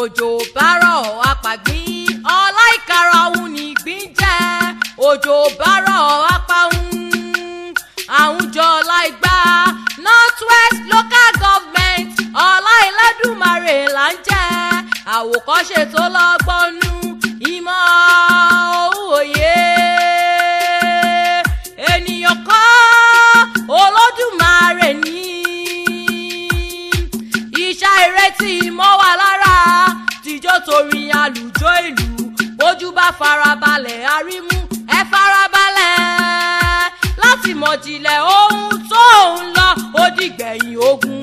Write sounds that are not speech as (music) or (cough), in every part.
òjò bárọ̀ apàgbín ọlá ìkara òun nìgbín jẹ́ òjò bárọ̀ apàhùn àwùjọ láìgbà northwest local government ọlá ìlẹ́dùnmarè là ń jẹ́ àwòkọ́ṣe tó lọ́gbọ́nú. buhari mú ẹ farabalẹ̀ láti mọ̀ jìnlẹ̀ ohun tó ń lọ ó dìgbẹ̀yìn ogun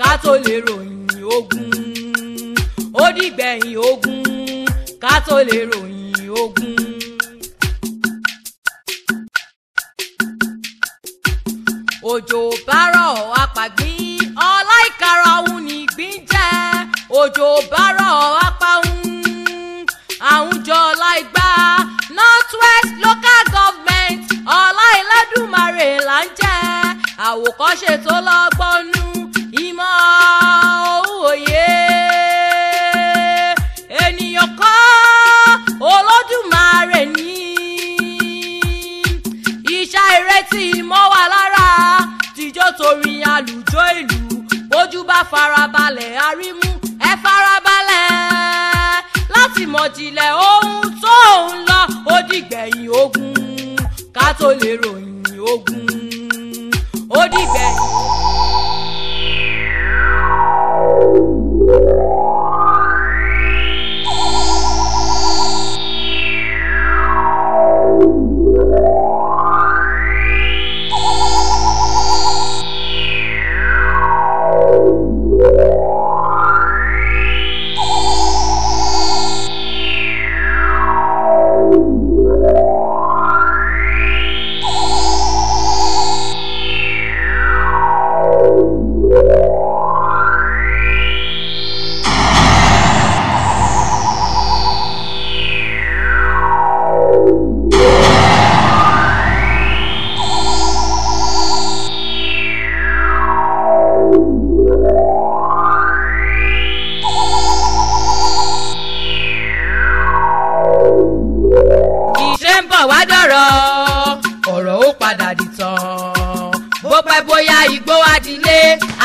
ká tó lè ròyìn ogun ó dìgbẹ̀yìn ogun ká tó lè ròyìn ogun. òjò bárọ̀ apàgbín ọlá ìkarahun nìgbín jẹ́ òjò bárọ̀. àwòkọ́ṣe tó lọ́gbọ́nú ìmọ̀ òye ènìyàn kọ́ olódùmarè ní iṣẹ́ ìrètí ìmọ̀ wà lára tìjọ́ torí àlùjọ ìlú bójú bá farabalẹ̀ arímú ẹ farabalẹ̀ láti mọ̀ jìnlẹ̀ ohun tó ń lọ ó dìgbẹ̀yìn ogun ká tó lè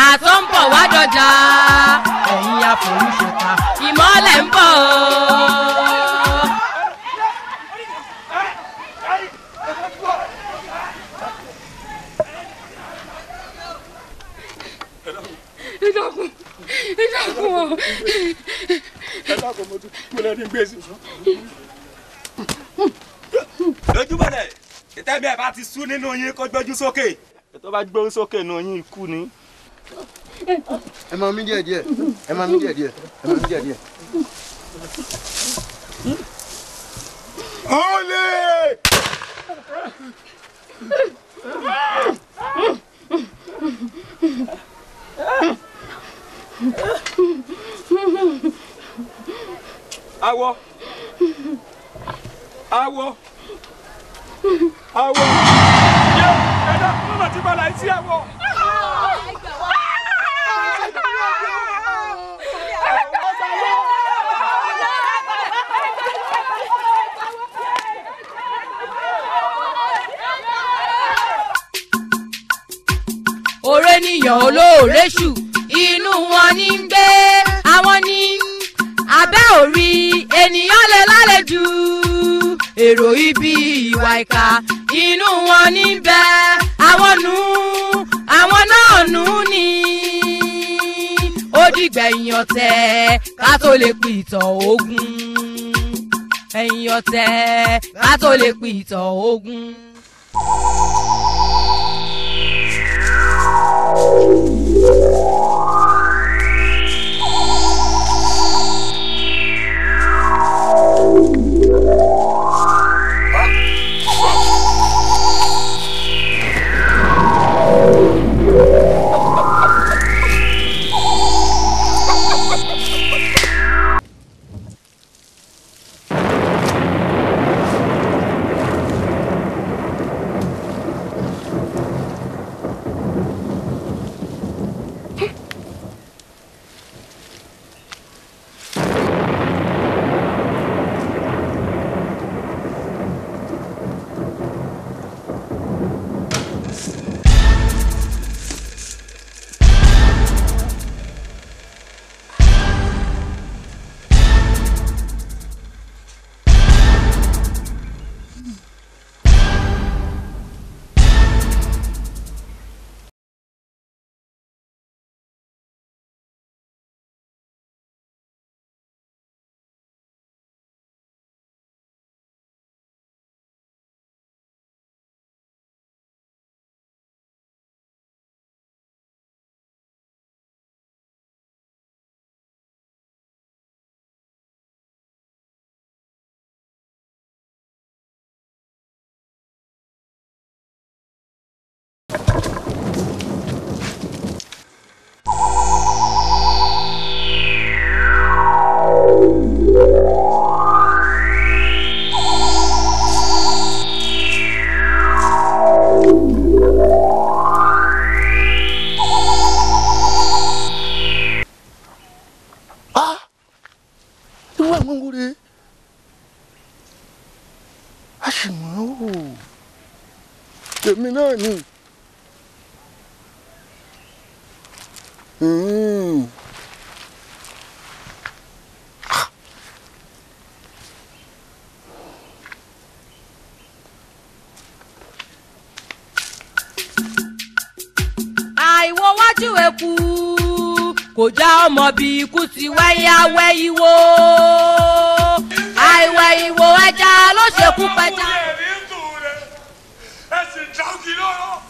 ọ̀tá tó ń bọ̀ wá dọjà. ẹ̀yin àforíṣọ̀tá. ìmọ́lẹ̀ ń bọ̀. ẹ dákun ẹ ẹ bá ti sú nínú yín kó gbójú sókè. ètò bá gbóhùn sókè nínú yín ikú ni ẹ máa mí díẹ̀ díẹ̀ ẹ máa mí díẹ̀ díẹ̀ ẹ máa mí díẹ̀ díẹ̀. olè. awọ awọ awọ yẹ ẹ dá fún màtí balà ẹ sí awọ. ènìyàn olóore ṣù inú wọn ní ń gbé àwọn ní abẹ́ òrí ènìyàn lè lálejò èrò ibi ìwà ìkà inú wọn ní bẹ àwọn nù àwọn náà nù ní ó ọ̀tẹ̀ ká tó lè pè ìtàn ogun ẹ̀yìn ọ̀tẹ̀ ká tó lè pè ìtàn ogun. Thank you. èmi náà ni. Hmm. àìwọ wájú ẹkú kò já ọmọ bí ikú ti wáyé awẹ́ ìwò àìwẹ̀ ìwò ẹja ló ṣekú pẹja lóró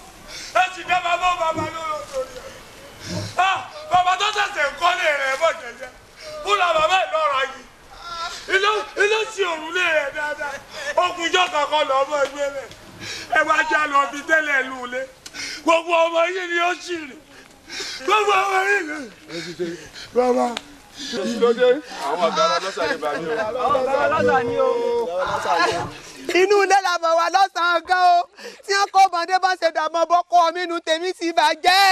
ẹ sì dá bàbá bàbá lóró torí ẹ bàbá tó ṣẹ̀ṣẹ̀ kọ́lé rẹ̀ bọ̀ jẹjẹ fúnra bàbá ẹ̀ yìí ilé sí òrùlé rẹ̀ dáadáa ogunjọ́ kankan lọ́ọ́ bọ̀ ẹgbẹ́ rẹ̀ ẹ wá já lọ bí tẹ́lẹ̀ lù lé gbogbo ọmọ yìí ni ó sì rìn gbogbo ọmọ yìí ni bàbá àwọn ọ̀gá ọlọ́sà ni bàbá o. àwọn ọ̀gá ọlọ́sà ni o inú ilé la mọ̀ wá lọ́sàn-án gan o tí wọ́n kó ọmọdé bá ṣe dààmú ọbọ̀ kọ́ ọ mínú tèmi sì bàjẹ́.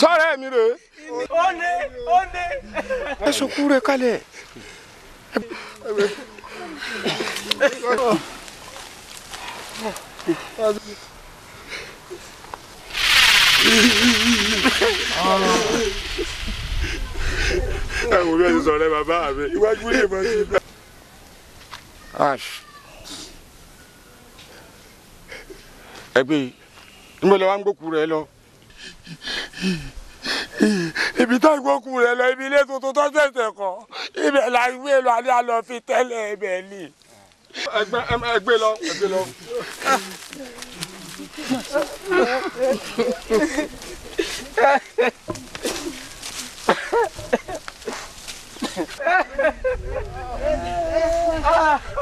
sọ́ọ̀rẹ́ mi rè é. ó lé ó lé. ẹ sọkú rẹ kalẹ̀. ẹ wò bí ẹ ti sọ̀rọ̀ ẹ bàbá mi iwájú lè mọ sí ibà ash ẹgbẹ́ nbẹlẹ wa ń gbókù rẹ lọ. ibi tá ìgbókù rẹ lọ ibi ilé tuntun tó ṣẹ̀ṣẹ̀ kọ́ ibẹ̀ la ìwé lọ alẹ́ àlọ́ fi tẹ́lẹ̀ ibẹ̀ ni. ẹgbẹ́ lọ ẹgbẹ́ lọ. ah (laughs)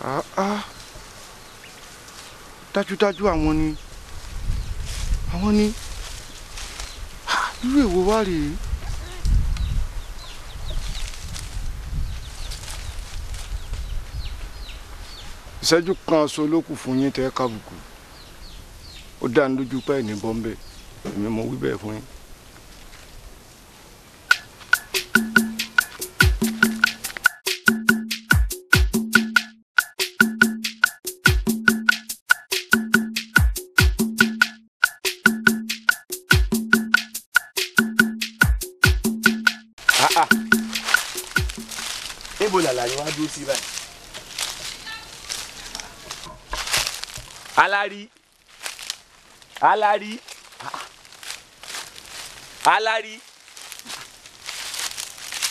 Ah, ah. dájúdájú àwọn ni àwọn ni ah, irú èwo wá rèé. ìṣẹ́jú kan aṣọ olókùn fún yín tẹ́ kábùkù ó dá ní lójú pẹ́ẹ́ ní bọ́m̀bẹ́ èmi mo wí bẹ́ẹ̀ fún yín. alari alari alari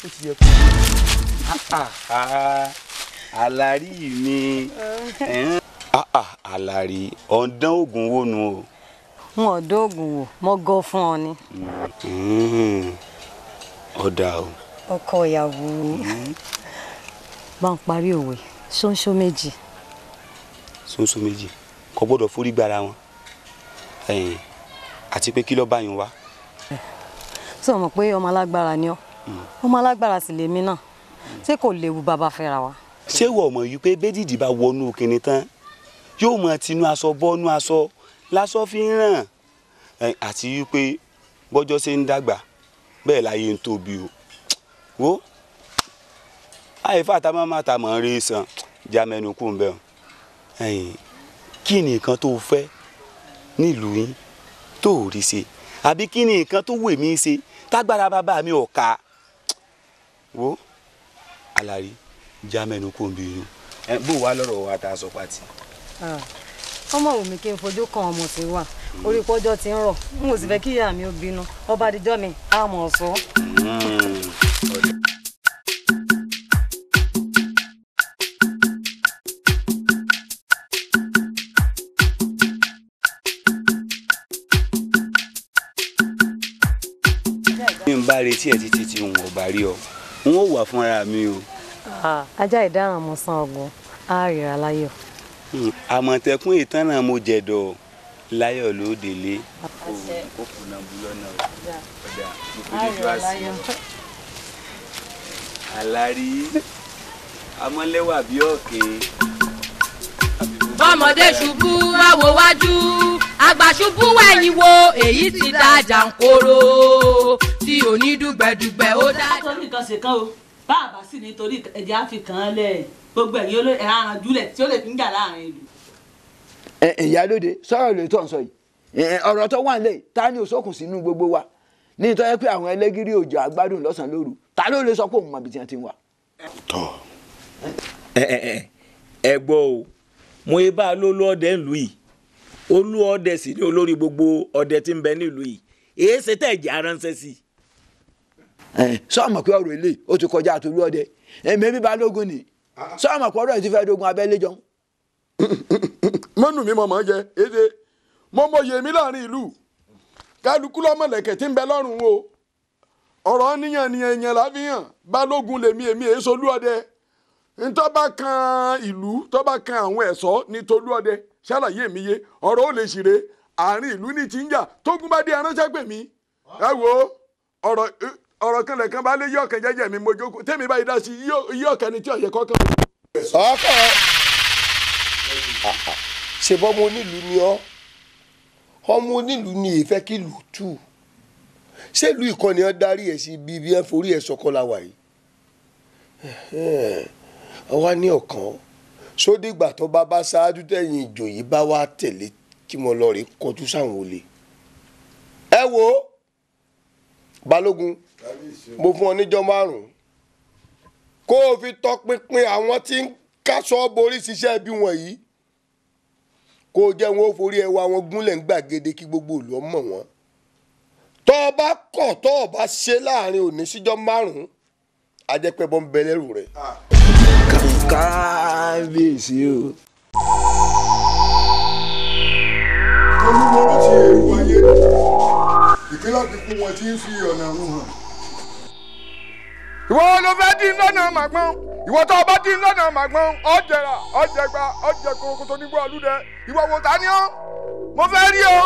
ó ti yẹ kó (laughs) alari mi ah, ah, alari ọ̀ndán oògùn wo nu o. n ò dóògùn wò mo gọ fún ọ ni. Mm-hmm. ọ̀dà o. ọkọ ìyàwó mm-hmm. bá ń parí òwe ṣóńṣó méjì. ṣóńṣó méjì kò gbọ́dọ̀ forí gbára wọn àti pé kí ló bá yín wá. ṣé o mọ̀ pé ọmọ alágbára ni ọ́ hmm. ọmọ alágbára sì lèmi náà ṣé kò léwu bàbá fẹ́ra wa. ṣé wọ́n mọ̀ yìí pé bédìdì bá wọnú kinní tán yóò mọ tinú aṣọ bọ́nú aṣọ lásọ fi ń ràn àti wípé bọ́jọ́ ṣe ń dàgbà bẹ́ẹ̀ láyé ń tóbi o wo àyè fàtàmọ́mọ́ta mọ̀ ń rí sàn já mẹ́nu kù kí ni nǹkan tó fẹ́ nílùú yín tó ò rí ṣe àbí kí ni nǹkan tó wè mí ṣe tágbára bàbá mi ò wo alari já mẹ́nu kó n bí inú. ẹ bó wa lọ́rọ̀ wa ta sọ pati. ọmọ wù mí kí n fojú kan ọmọ tí wà orí pọ́jọ́ ti ń rọ̀ n ò sì fẹ́ kí ìyá mi ó bínú ọba àdìjọ́ mi àmọ̀ hmm, ọ̀sọ́. retí ẹ títí tí n ò bá rí ọ n ó wà fúnra mi o. ajá ìdáràn mo san ọgbọ́n á rira láyọ̀. Hmm, àmọ̀tẹ́kùn ìtànà mo jẹ̀dọ̀ láyọ̀ ló délé. ó amọ́lẹ́wà bí ọ̀kẹ́. bọ́mọdé ṣubú máa wo wájú àgbàṣubú ẹ̀yìn wo èyí ti da jàǹkóró tí onídùgbẹ̀dùgbẹ̀ ó dá. nítorí nǹkan ṣe kán o bá àbá sì nítorí ẹ̀jẹ̀ á fi kàn án lẹ̀ gbogbo ẹ̀yìn olóyè ẹ̀hán júlẹ̀ tí ó lè fi ń jà láàrin ìlú. ìyálóde sọ̀rọ̀ lè tó ń sọ yìí ọ̀rọ̀ tó wà nílẹ̀ ta ni òṣòkùn sínú gbogbo wa ní ìtọ́jú pé àwọn ẹlẹ́gìrì òjò àgbádùn lọ́sàn-án lóru ta ló lè sọ pé òun mọ̀ bí tiẹ̀ ti ń wà. tọ́ ẹ ẹ ẹ gbọ́ o mo yẹ ló lọ́ọ́ dẹ́ yìí olú ọdẹ sì ní olórí gbogbo ọdẹ tí ń bẹ nílùú yìí èyí ṣe tẹ jẹ́ aránṣẹ́ sí i. ẹ sọ́ọ̀mọ̀ pé ọ̀rọ̀ ilé ó ti kọjá àtolú ọdẹ èmi bíbá lógún ni sọ́ọ̀mọ̀ pé ọ̀rọ̀ yìí ti fẹ́ dogun abẹ́lé jọ. (laughs) mọ́nù mi mọ̀ mọ́ jẹ èdè mo mọyè mi láàrin ìlú kálukú lọ́mọlẹ̀kẹ̀ tí ń bẹ lọ́rùn o ọ̀rọ̀ níyàn ni ẹ̀yàn láfihàn balógun lèmi èmi èyí solú ọdẹ ntọ́ bá kan ìlú tọ́ bá kan àwọn ẹ̀ṣọ́ ní tolú ọdẹ ṣàlàyé mi yé ọ̀rọ̀ ó lè ṣeré àárín ìlú ní ti ń jà tógun bá dé aránṣẹ́ pè mí ẹ wo ọ̀rọ̀ ọ̀rọ̀ kan lẹ̀kan bá lé yọ̀ọ̀kan jẹ́jẹ́ mi mo jókòó tèmi báyìí dá sí yọ̀ọ̀kan ni tí ọ̀yẹ́ kọ́kàn. ọkọ ṣèbọn ọmọ onílù ni ọ ọmọ onílù ni ìfẹ́ kí lù tù ṣèlú ìkànnì ọ darí ẹ sí ibi ibi ẹ forí ẹ sọkọ la yìí ọwá ní ọkàn sódìgbà tó bá bá ṣáájú tẹ̀yìn ìjòyè bá wá tẹ̀lé kí mo lọ rè kọjú sáwọn olè. ẹ wo balógun mo fún ọ níjọ́ márùn-ún kó o fi tọpinpin àwọn tí ń káṣọ borí ṣiṣẹ́ bí wọ̀nyí kó o jẹ́ wọn ó forí ẹwà wọn gúnlẹ̀ ń gbàgede kí gbogbo ìlú ọmọ wọn tọ́ ọ bá kọ̀ tọ́ ọ bá ṣe láàrin òní síjọ́ márùn-ún ajẹ́pẹ́ bọ́ ń bẹ lẹ́rù rẹ̀ kábíyèsí o. olúmọ̀rọ̀ ti èrò ayé ni ìpínlẹ̀ àdínkù wọn ti ń fi ọ̀nà ọ̀hún hàn. ìwọ ló fẹ́ dín lọ́nà màgbọ́n ìwọ tó o bá dín lọ́nà màgbọ́n ọ̀jẹ̀ra ọ̀jẹ̀gba ọ̀jẹ̀kòkòtò nígbà olúdẹ ìwọ wò ta ni ọ́ mo fẹ́ rí ọ́.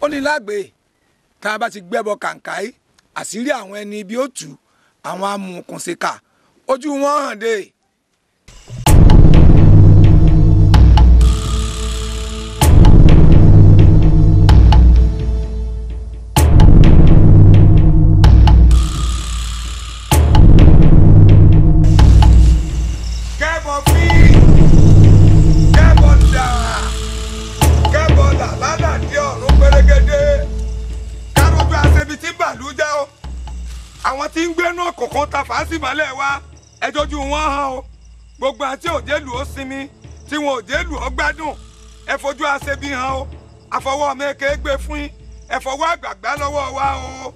ó ní lágbè tá a bá ti gbẹ́bọ kàǹkáì àṣírí àwọn ẹni ibi ó tù àwọn amòòkùnṣèkà ojú wọn hàn dé àfàásìmọ́lẹ̀ wa ẹjọ́jú wọn hàn o gbogbo àti òjèlú ó sinmi tí wọn òjèlú ó gbádùn ẹ fojú aṣebi hàn o àfọwọ́ mẹ́kẹ́ gbé fún yín ẹ fọwọ́ àgbàgbà lọ́wọ́ wa o.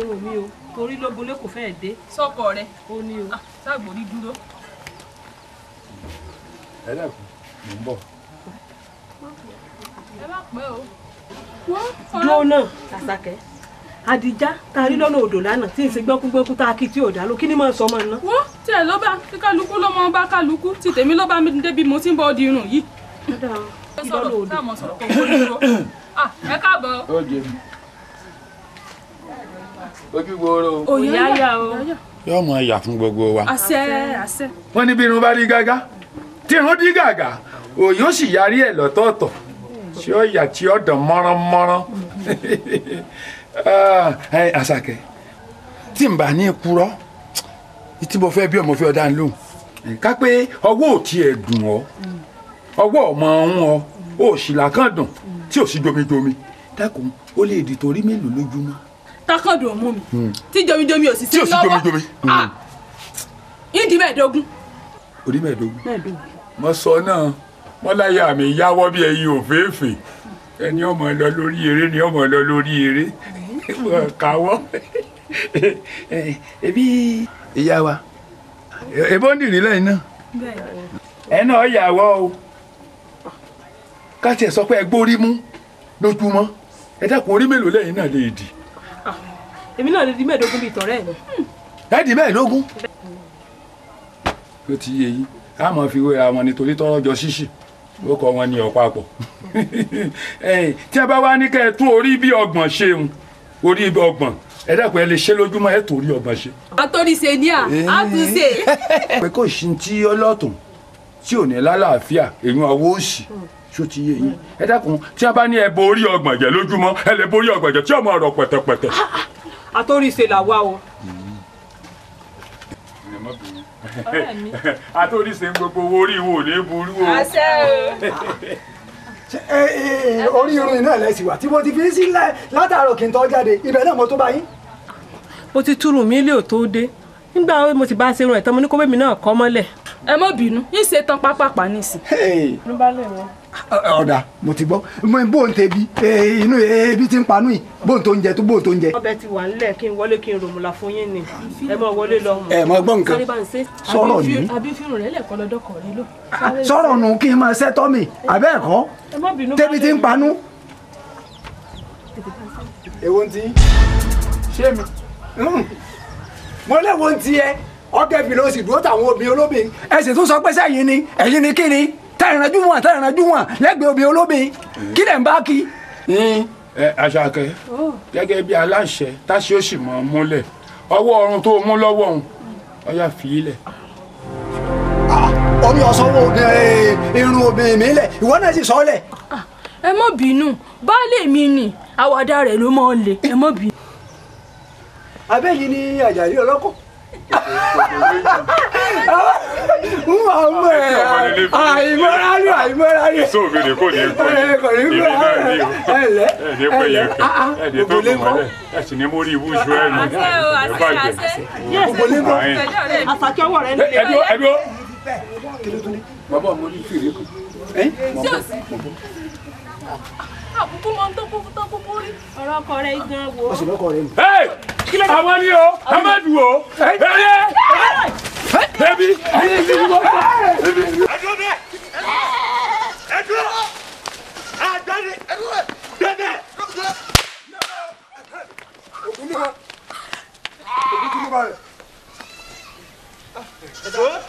irun mi o torí lóbolé kò fẹ́ẹ̀ dé. sọkọ rẹ ó ní o. ságbórí ah, dúró. ẹ dẹ́kun mò ń bọ̀. ẹ má pẹ́ o. dúró náà Àṣàkẹ́ àdìjá ta rí lọ́nà odò lánàá tí èsì gbọ́kúgbọ́kú tá a kí tí ò dá ló kí ni máa sọ ọmọ náà. wo tí ẹ ló bá tí kálukú ló mọ bá kálukú tí tèmi ló bá mi débi mo ti ń bọ ọdí irun yìí. ẹ sọ̀rọ̀ táwọn sọ̀rọ̀ kò wúlò. (coughs) Ah, ẹ káàbọ̀ ojú gbòòrò. òyà yà o. yóò mọ ẹyà fún gbogbo wa. àṣẹ àṣẹ. wọ́n ní bí irun bá rí gágá tí irun dí gàgà òyìn ó sì yarí ẹ̀ lọ́tọ̀ọ̀tọ̀ tí ó yà tí ó dàn mọ́ránmọ́rán. (laughs) àṣàkẹ́ tí n bá ní ìpurọ́ tí mo fẹ́ bí ọmọ fẹ́ ọ dá ń lóhùn ká pé ọwọ́ ò tiẹ̀ dùn ọ́ ọwọ́ ọmọ ọ̀hún ọ ò sì làkàn dùn tí ò sí domidomi dákun ó lè dìtò orí mélòó lójúmọ́ takọ̀dù ọ̀mú mi hmm. tí jomijomi ò sì sí lọ́wọ́ ah! hmm. ìdí mẹ́ẹ̀ẹ́dógún. orí mẹ́ẹ̀ẹ́dógún mo sọ náà wọ́n láyà mi yáwọ́ bí ẹyin òféèfé ẹni ọmọ lọ lórí eré ni ọmọ lọ lórí eré mo kàwọ́ (laughs) ebi ìyá wa ebó ń dìrí lẹ́yìn náà ẹ náà yàwọ́ o ká tiẹ̀ sọ pé ẹ gbórí mú lójúmọ́ ẹ dákun orí mélòó lẹ́yìn náà lè dì í èmi náà lè di mẹ́ẹ̀ẹ́dógún bíi tọ̀rẹ́ mi. ẹ di mẹ́ẹ̀ẹ́dógún. ó ti yé yín a máa fi wéra wọn nítorí tọ́rọ̀ jọ ṣíṣì ó wọn ní ọ̀pápọ̀ (laughs) tí a bá wá ní kẹ́ ẹ tún orí bí ọgbọ̀n ṣeun orí bí ọgbọ̀n ẹ dẹ́kun ẹ lè ṣe lójúmọ́ ẹ tó orí ọgbọ̀n ṣe. àtọ́ni ṣe ní à á tún ṣe. pé kò sí ti ọlọ́tún tí ò ní lálàáfíà èyí ọwọ́ òsì tó ti yé yín ẹ dẹ́kun tí a bá ní ẹ borí ọgbọ̀n jẹ lójúmọ́ ẹ lè borí ọgbọ̀n jẹ tí ọmọ ọ̀rọ̀ pẹ̀tẹ̀pẹ̀tẹ̀ àtòrìṣe làwa o. àtòrìṣe (laughs) gbogbo owó orí wo ní burú o. àṣẹ o. orí irun iná lẹ́sìn wà tí mo ti fi sí látàárọ̀ kí n tó jáde ibẹ̀ náà mo tó bá yín. mo ti túrù mí lè tó dé nígbà mo ti bá ṣe irun ẹ̀ tán mo ní kó bẹ́ẹ̀ mi náà kọ́ mọ́lẹ̀. ẹ má bínú yín ṣe tán pápápá nísìn. ló bá lè wọ. ọ̀dà mo ti gbọ́ bó ń tebi inú ebi ti ń panú yìí bó ń tó ń jẹ tó bó ń tó ń jẹ. ọbẹ̀ ti wà nílẹ̀ kí n wọlé kí n ròmùlà fún yín ni ẹ máa wọlé lọ mọ̀. ẹ máa gbọ́ nǹkan sọ̀rọ̀ ni. Ah, sọ̀rọ̀ nù kí n máa ṣẹ́tọ́ mi àbẹ́ẹ̀kọ́ tebi ti ń panú. èwo ń ti ṣé mi. Hmm mo léwo ń tiẹ̀ ọ̀kẹ́ fi ló sì dúró táwọn obìnrin olóbìn ẹ̀sìn tó sọ pé sẹ́yìn ni ẹ̀yìn ni kíni tẹ̀rìnàjú wọn tẹ̀rìnàjú wọn lẹ́gbẹ̀ẹ́ obìnrin olóbìn kí lẹ̀ ń bá kí. Hmm. Àṣàkẹ́ gẹ́gẹ́ bí aláṣẹ táṣí ó sì mọ̀ ọ́n múlẹ̀ ọwọ́ ọrùn tó mú lọ́wọ́ òun ọyà fi ilẹ̀. Ah, omi ọ̀sánwó eh, irun obìnrin mi lẹ̀ ìwọ náà sì sọ ọ́ lẹ̀. Ah, ẹ má bínú baálé mi ni àwàdà rẹ̀ ló mọ̀ ọ́ lé ẹ má bínú abẹ́yìn ni àjàrí ọlọ́kọ̀ n ma mọ ẹ àìmọ́rárì àìmọ́rárì so ògèdè kò ní kò ní kò ní kò ah, ah. ní ẹ lẹ ẹ lẹ ògèdè kọ ẹ sì ní mo rí ibú ju ẹ nù ẹ bá jẹ ògèdè kọ àfàkẹ́ ọwọ́ rẹ nílé ẹbí ẹbí ó. bàbá ọmọ yìí fèrè kù àbùkù mọ́ tó kúkú tó kúkú rí ọ̀rọ̀ ọkọ rẹ̀ gan wo. ọ̀sẹ̀ lọ́kọ rẹ̀ mi. kílẹ̀ àwọn ni o ẹ má dùn o ẹyẹ bẹẹbi bíbí wọ́n bá bíbí. ẹ dúró bẹ́ẹ̀ ẹ dúró àdáni ẹ dúró bẹ́ẹ̀ òkú ní ma òkú tún ní ma rẹ̀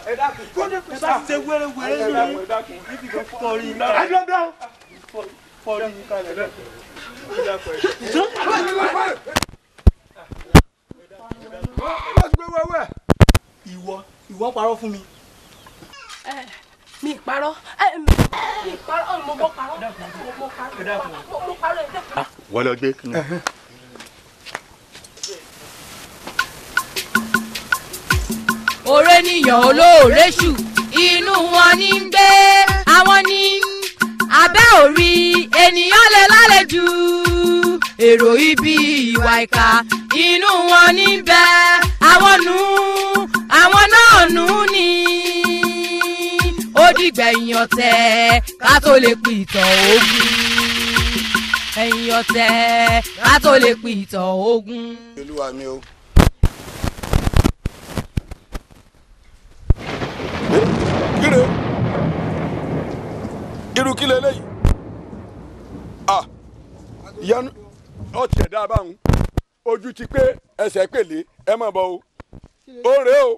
ẹ dákun kó ní kó sá ẹ bá ṣe wẹ́rẹ́wẹ́rẹ́ lórí níbi kan kọrin náà fọ́ọ̀rí ìwọ ìwọ parọ́ fún mi. mi parọ́ mi parọ́ mo mọ parọ́ mo parọ́ mo parọ́ wọ́n ah, lọ gbé kí ni. ṣù inú wọn ní ń gbé àwọn ní abẹ́ òrí ènìyàn lè lálejò èrò ibi ìwà ìkà inú wọn níbẹ̀ àwọn nù àwọn náà nù ni ó dìgbẹ̀yìn ọ̀tẹ̀ ká tó lè pè ìtàn ogun ẹ̀yìn ọ̀tẹ̀ ká tó lè pè ìtàn ogun. olúwa mi o. irú kí leléyìí ah ìyanu ọtí ẹ̀dá abáhùn ojú ti pé ẹsẹ̀ pèlè ẹ mọ̀ bọ́ o ó rè o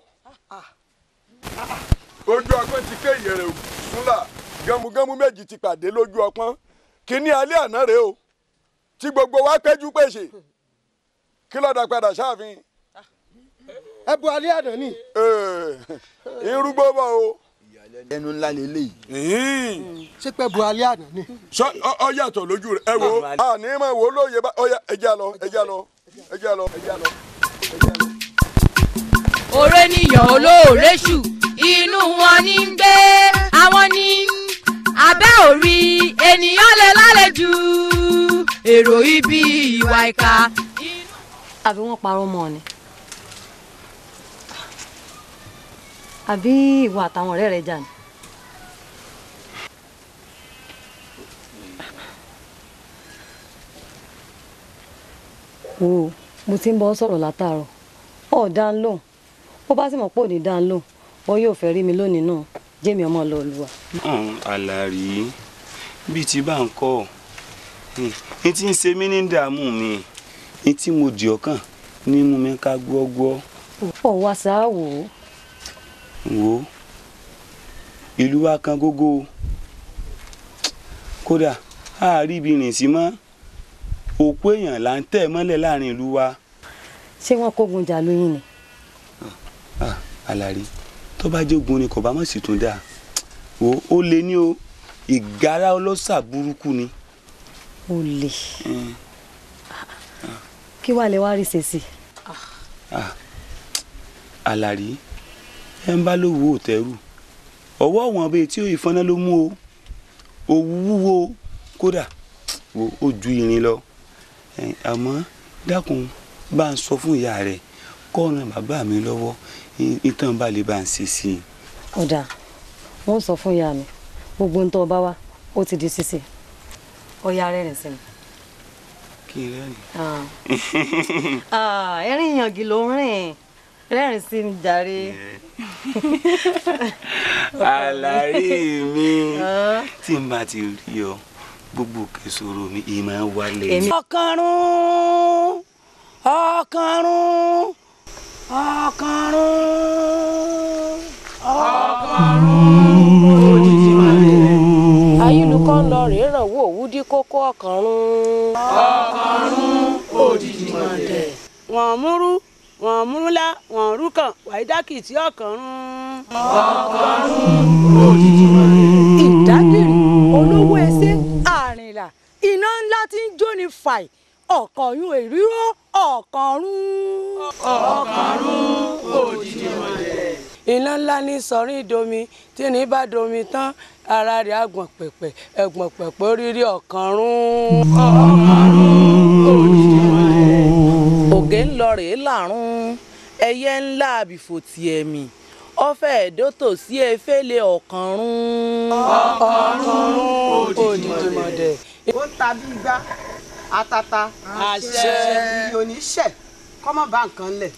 ojú ọpọ́n ti pé ìyẹ̀rẹ̀ òkúńlà gánmugánmu méjì ti pàdé lójú ọpọ́n kíní alẹ́ àná rè o tí gbogbo wa péjú pèsè kí lọ́dà padà sáàfin. ẹ bu alẹ́ àná ni. irúgbó bọ̀ o ẹnu ńlá lélẹ́yìí. ṣé pẹ́ bu alẹ́ àná ni. sọ ọ yàtọ̀ lójú rẹ ẹ wo àní ah, mọ̀ wò lóye bá ọ yà ẹja lọ ẹja lọ ẹja lọ ẹja nìyàn olóore ṣù inú wọn ní ń gbé àwọn ní abẹ́ òrí ènìyàn lè lálejò èrò ibi ìwà ìka. àbí wọ́n parọ́ mọ́ ni. àbí ìwọ àtàwọn ọ̀rẹ́ rẹ jà ni. wo mo ti ń bọ́ sọ̀rọ̀ látàárọ̀ ọ̀ dá ń lóhùn bó bá sì mọ̀ pé ò ní dá ń lóhùn wọn yóò fẹ́ rí mi lónìí náà jẹ́mi ọmọ lọ lùwà. Hmm, àlàrí bíi ti bá ń kọ́ hmm, ní tí ń ṣe mí ní dààmú mi ní tí mo dì ọkàn ní mú mi ká gbọ́gbọ́. ọ̀ wá sáà wò ó wo ìlú wa kan gógó kódà àárí ibi rìn sí mọ́ òkú èèyàn là ń tẹ̀ mọ́lẹ̀ láàrin ìlú wa. ṣé wọ́n kógun jà lóyún ni. alárì ah, ah, tó bá jogun ni kò bá mọ̀ sí tún dáa wo ó lé ní o ìgárá ọlọ́sà burúkú ni. ó lè hmm. kí wàá lè wá rí ṣèṣì. alárì. Ah. Ah ẹ ń bá lówó òtẹ́rù ọwọ́ wọn bíi tí ìfọ́nà ló mú o òwú wúwo kódà ó ju irin lọ àmọ́ dákun bá ń sọ fún ìyá rẹ kọ́ ọ̀ràn bàbá mi lọ́wọ́ ìtàn bá lè bá ń ṣe sí i. ọ̀dà wọ́n sọ fún ìyá mi gbogbo ń tọ́ ọ bá ó ti di ṣíṣe ọ̀ya rẹ̀ rìn sí kí n rẹ́rìn. Ah. (laughs) Ah, ẹ̀rín ìyàngí ló ń rìn rẹ́rìn sí mi jàre. (laughs) àlàrí mi tí n bá ti rí ọ gbogbo kẹsọrọ mi ìmọ̀ wálé. ọkànrún ọkànrún ọkànrún ọkànrún. ayélujá ń lọ rèé ràn wó òwúdí kókó ọkànrún. ọkànrún òjijì mọ̀tẹ̀. wọ́n múrú wọ́n múrúlá wọ́n rúkàn wàídákì tí ọ̀kànrún. ọ̀kànrún. ìdágìrì olówó ẹsẹ̀ àrìnlà iná ńlá tí ń jóni fàì ọ̀kànyún ìríró ọ̀kànrún. ọ̀kànrún òjijì mọ̀lẹ́. iná ńlá ní sọrí domi tí ní bá domi tán ara rẹ̀ àgbọ̀n pẹ̀pẹ̀ ẹ̀gbọ̀n pẹ̀pẹ̀ oríire ọ̀kànrún. ọ̀kànrún òjijì mọ̀lẹ́ òkè ńlọ rèé làrún ẹyẹ ńlá àbìfòtì ẹ̀mí ọfẹ ẹdọtò sí efele ọkànrún. ọkànrún òdìdìmọdẹ. ó ń ta bí igbá àtàtà àṣẹ oníṣẹ kọmọ bá nǹkan lẹ.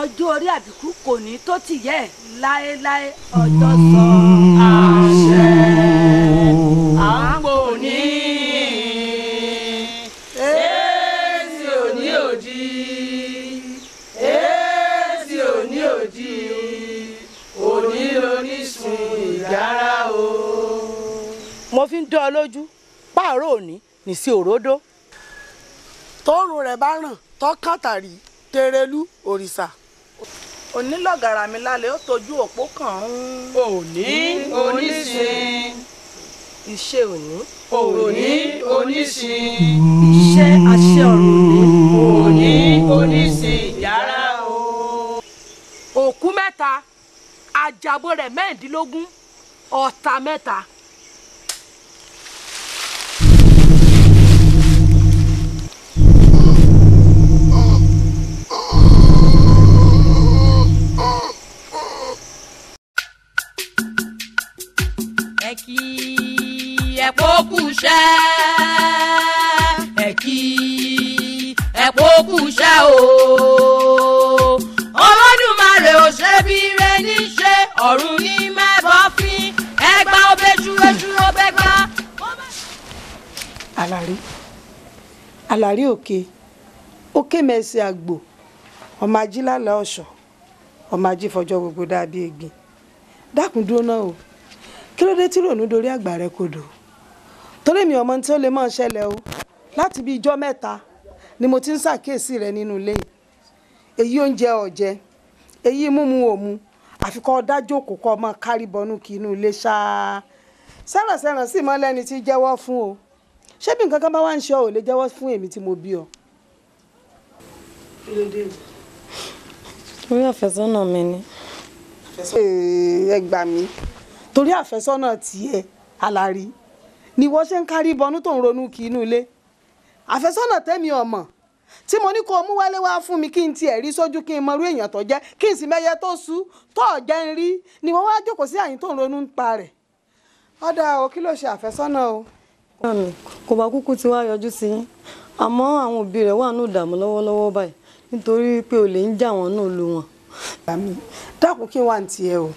ọjọ́ orí àbíkú kò ní tó ti yẹ láéláé ọjọ́ sọ àṣẹ àpò ní. mo fi ń dán ọ lójú páàrọ̀ òní ní sí òródó. tóòrùn rẹ̀ bá ràn tọ́kàn tàrí tẹrẹlú òrìṣà. òní lọ́gàrà mi lálẹ́ ó tọ́jú òpó kan ń. òní oníṣin. ìṣe òní. òní oníṣin. ìṣe àṣẹ ọ̀run òní. òní oníṣin yàrá o. òkú mẹ́ta àjàbọ̀ rẹ̀ mẹ́ẹ̀ẹ́dínlógún ọ̀tá mẹ́ta. kúṣẹ́ ẹ̀kí ẹ̀pọ̀ kúṣẹ́ o. olódùmarè ò ṣe bí ire ní ṣe ọ̀run ní mẹ́bọ̀ fín ẹgbà obejú ojú obẹ́gbà. àlàrí àlàrí òkè òkè mẹ́sì àgbò ọmọ ají lálẹ́ ọ̀ṣọ́ ọmọ ají fọjọ́ gbogbo dàbí egbin dákun náà o kí ló dé tí rònú dorí àgbà rẹ kodò torí mi ọmọ tí ó lè máa ṣẹlẹ̀ o láti bí ijọ́ mẹ́ta ni mo ti ń ṣàkíyèsí rẹ nínú ilé èyí oúnjẹ ọ̀jẹ èyí múmu òmu àfikọ́ dájókòó kọ́ ọmọ kárí bọnú kí inú ilé ṣáá sẹ́rànsẹ́ràn sì mọ́ lẹ́ni tí jẹ́wọ́ fún o ṣé bí nǹkan kan bá wá ń ṣe ọ lè jẹ́wọ́ fún èmi tí mo bí ọ. torí àfẹ́sọ́nà mi ni. ẹ gbà mí torí àfẹ́sọ́nà tiẹ̀ alárí ni wọ́n ṣe ń kárí bọnú tó ń ronú kí inú ilé àfẹ́sọ́nà tẹ́mi ọ̀mọ̀ tí mo ní kó o mú wálé wá fún mi kí n tiẹ̀ rí sójú kí n mọrú èèyàn tó jẹ́ kí n sì mẹ́yẹ tó sú tó ọ̀jẹ́ ń rí ni wọ́n wá jókòó sí àyín tó ń ronú nípa rẹ̀ ọ̀dà o kí ló ṣe àfẹ́sọ́nà o. kò bá kúkú ti wá yọjú sí yín àmọ́ àwọn òbí rẹ̀ wà ní ìdààmú lọ́wọ́lọ́wọ́ báyìí nítorí pé olè ń jà wọ́n náà lu wọn. dákun kí wà ní tiẹ̀ o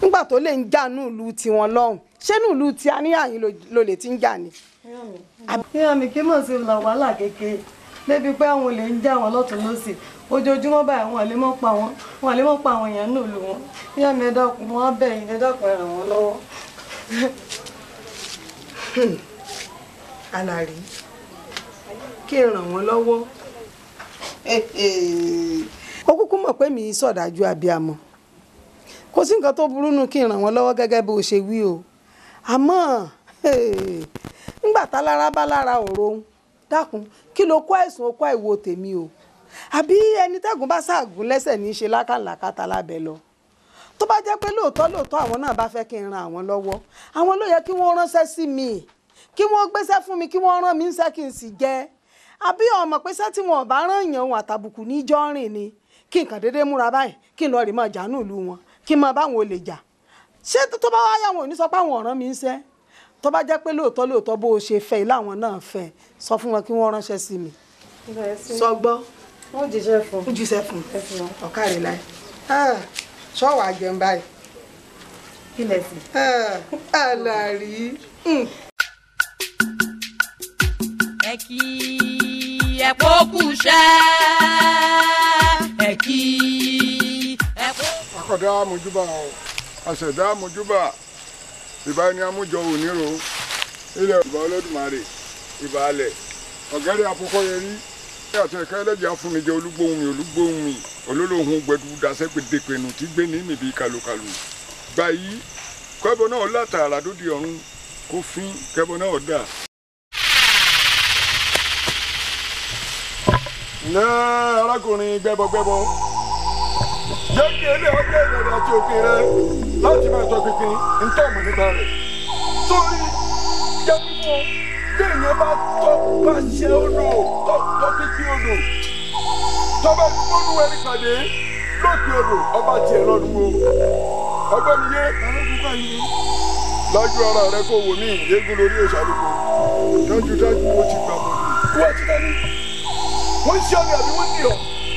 nígbà tó lè ń jà ní ìlú tiwọn lọ́hùn ṣé ní ìlú tí a ní àyín ló lè ti ń jà ni. ìyá mi kí mọ̀ sí la wàhálà kékeré débi pé àwọn olè ń jà wọn lọ́tún lọ́sì ojoojúmọ́ báyìí wọn lè mọ́ pa wọn wọn lè mọ́ pa àwọn èèyàn ní ìlú wọn ìyá mi ẹ dákun wọn á bẹ̀ yín ẹ dákun ràn wọ́n lọ́wọ́. (laughs) alárìí kí ràn wọ́n lọ́wọ́. (laughs) ó kúkú mọ̀ pé mi sọ̀dájú abiyamọ kosi nkan tó burú nù kí n ràn wọ́n lọ́wọ́ gẹ́gẹ́ o ṣe wí o àmọ́ nígbà tálára bá lára ọ̀rọ̀ dákun kí ló kó àìsàn ó àìwo tèmi o àbí ẹni tẹ́gùn bá lẹ́sẹ̀ ní í ṣe lákàlàkàtà lábẹ́ lọ tó bá jẹ́ pé lóòótọ́ lóòótọ́ àwọn náà bá fẹ́ kí n ràn àwọn lọ́wọ́ àwọn ló yẹ kí wọ́n ránṣẹ́ sí mi kí wọ́n gbéṣẹ́ fún kí wọ́n kí n máa báwọn olè jà ṣé tó bá wáyà wọn ò ní sọ pé àwọn ọ̀ràn mi ń ṣẹ́ tó bá jẹ́ pé lóòótọ́ lóòótọ́ bó o ṣe fẹ́ láwọn náà fẹ́ sọ fún wọn kí wọ́n ránṣẹ́ sí mi sọ gbọ́ ó jíṣẹ́ fún ọ̀ká rẹ̀ láì ṣọ́ọ̀wà jẹun báyìí kí hmm. ẹ kí ẹ kó akọ̀dá àmójúbà o àṣẹ̀dá àmójúbà ìbá ni amújọ òníro ilẹ̀ ìbá olódùmarè ìbàlẹ̀ ọ̀gẹ́rẹ́ àpòkọ́yẹrí ní àti ẹ̀ka ẹlẹ́jà fún mi jẹ́ olúgbóhùn mi olúgbóhùn mi olólùhùn gbẹdú dasẹ́ gbẹdẹpẹ̀nù tí gbé ní mìbí kàlùkàlù gbà yìí kẹ́bọ náà látàrà dóde ọ̀run kó fín kẹ́bọ náà dà. ǹjẹ́ arákùnrin gbẹ́bọgbẹ́bọ jẹ́ kí ilé àti òfin rẹ láti máa sọ pínpín ntọ́mù nípa rẹ̀. sórí jẹ́ téèyàn bá tọ́ bá ṣe odò tọ́ pínpín odò tọ́ gbónú ẹni pàdé lókè odò ọba tiẹ̀ lọ́dún o. ọgbẹ́ mi yé lájú ara rẹ kò wò mí eégún lórí òṣàlùkò dájúdájú ó ti gbà bọ́ọ̀lù. wọ́n ti dání wọ́n ń ṣe ọ̀gá àbí wọ́n ń dì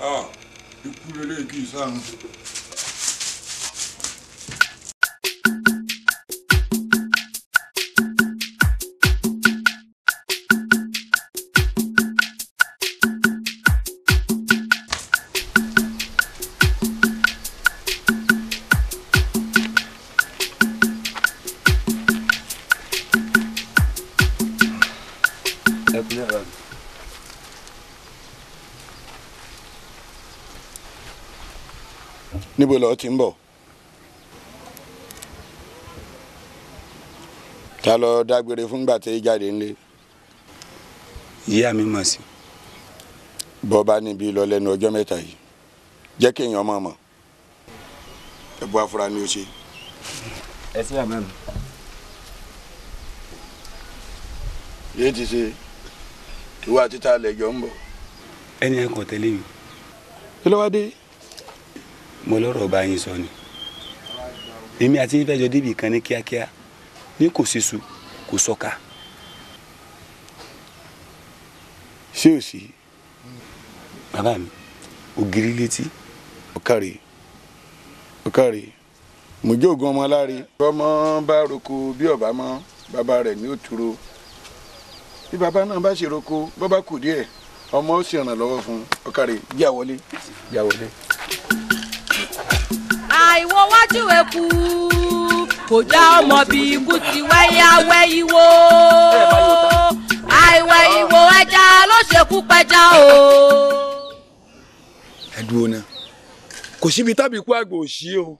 Ah, le poulet qui sent. níbo lọ ti ń bọ̀ ta lọ dágbére fúngbà tẹ́ jáde ńlẹ̀. ìyá mi mọ̀ sí. bọ́ bá níbi lọ lẹ́nu ọjọ́ mẹ́ta yìí jẹ́ kéèyàn mọ̀ mọ̀ ẹ bọ́ afura ni ó ṣe. ẹ sí àmọ́ mi. yéé ti ṣe ìwà títa lẹ́jọ́ ń bọ̀. ẹni ẹ kò tẹ́lẹ̀ mi. kí ló wá dé mo lọ́rọ̀ bá yín sọ ni èmi àti yín fẹ́ẹ́ jọ débi kan ní kíákíá ní kò sísu kò sọ́ka ṣé ò sí bàbá mi ògiri létí. ọ̀kàrè ọ̀kàrè mùjẹ́ ògùn ọmọ láre. ọmọ bá roko bí ọba mọ bàbá rẹ̀ ní òtúrò bí bàbá náà bá ṣe roko bó kù díẹ̀ ọmọ ó ṣèrànlọ́wọ́ fún ọ̀kàrè jà wọlé jà wọlé ìwọ wájú ẹ̀kú kò já ọmọ bí ikú ti wẹ́yẹ awẹ́ ìwò àìwẹ̀ ìwò ẹja ló ṣekú pẹja o. ẹ dúró ná kò síbi tábìkú àgbà ò sí o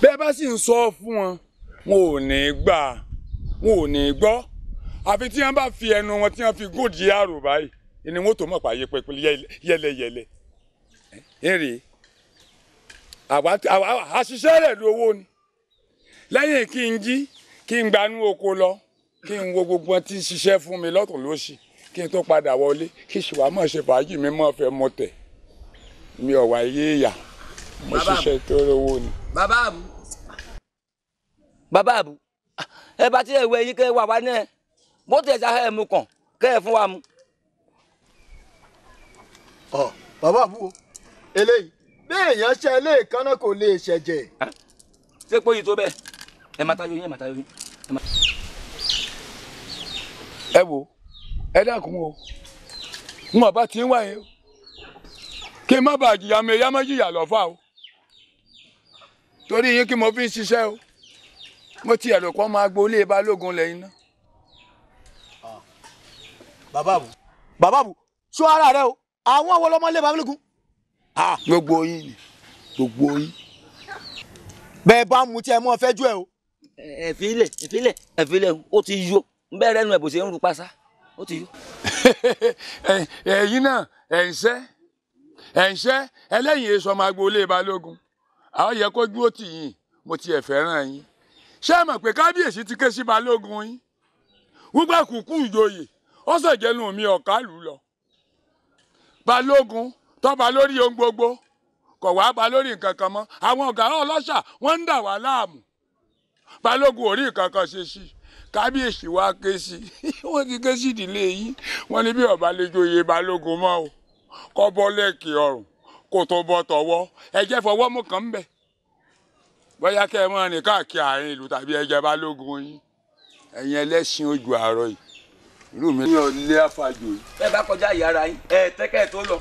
bẹ́ẹ̀ bá sì ń sọ fún wọn wọn ò ní gbà wọn ò ní gbọ́ àfi tí wọn bá fi ẹnu wọn tí wọn fi gòdì àrò báyìí ni tó mọ̀ pààyè pẹ̀pẹ̀ yẹlẹyẹlẹ àwa àṣìṣe rẹ̀ lu owó ni lẹ́yìn kí n jí kí n gbanú oko lọ kí n wo gbogbo wọn tí ń ṣiṣẹ́ fún mi lọ́tún lóṣì kí n tó padà wọlé kí ṣùgbọ́n mọ̀ ṣe fàájì mi mọ̀ fẹ́ mọ̀ tẹ̀ mi ò wá yé ìyà mo ṣiṣẹ́ tó rówó ni. bàbá àbú bàbá àbú ẹ bá tiẹ̀ wẹ yín kẹ́ wà wá náà bó tiẹ̀ sá ẹ̀ mú kàn kẹ́ ẹ̀ fún wa mu. ọ bàbá àbú o eléyìí béèyàn ṣe ilé ìkànnà kò lè ṣẹ̀jẹ̀. Ah, ṣé pé oyin tó bẹ́ẹ̀ ẹ máa tayọ yín ẹ máa tayọ yín. ẹ wo ẹ dákun o n ò bá ti ń wáyé o kí n má bàa jìyà mi ìyá má jìyà lọ́fà o torí yín kí mo fi ń ṣiṣẹ́ o mo ti ẹ̀rọ kan máa gbolé balógun lẹ́yìn náà. Ah, bàbá àbù bàbá àbù sọ ara rẹ o àwọn wo lọmọ lé balógun ah gbogbo yín ni gbogbo yín. bẹ́ẹ̀ bá mu tí ẹ mọ́ fẹ́jú ẹ o. ẹ̀fílẹ̀ ẹ̀fílẹ̀ ẹ̀fílẹ̀ ó ti yó bẹ́ẹ̀ rẹ́nu ẹ̀ bò ṣe ń ru pásá ó ti yó. (laughs) ẹ̀yin náà ẹ̀ ń ṣẹ́ ẹ̀ ń ṣẹ́ ẹlẹ́yìn èso ọmọ agboolé balógun àwọn yẹ kó dúró tì yín mo tiẹ̀ fẹ́ràn yín ṣé ẹ mọ̀ pé kábíyèsí ti ké sí balógun yín wípé kùkú ìjòyè ó sì jẹ́nu mi ọ̀kálù lọ balógun tọ́ba lórí ohun gbogbo kọ̀ wá ba lórí nǹkan kan mọ́ àwọn ọ̀gá ọlọ́ṣà wọ́n ń dà wá láàmú balógun ò rí nǹkan kan ṣe sí kábíyèsí wa ké sí (laughs) wọ́n ti ké sí ìdílé yìí wọ́n ní bí ọba lè joyè balógun mọ́ o kọ́ bọ́ lẹ́ẹ̀kì ọrùn kò tó bọ́ tọ̀wọ́ ẹ̀jẹ̀ fọwọ́ mú kàn ń bẹ̀ bóyá kẹ́ ẹ máa rìn káàkiri àárín ìlú tàbí ẹ̀jẹ̀ balógun yín ẹ̀yin ẹlẹ́sìn ojú àárọ̀ yìí ìlú mi. mi ò àfàjò yìí. bẹ́ẹ̀ bá kọjá ìyára yín ẹ̀ tẹ́kẹ̀ tó lọ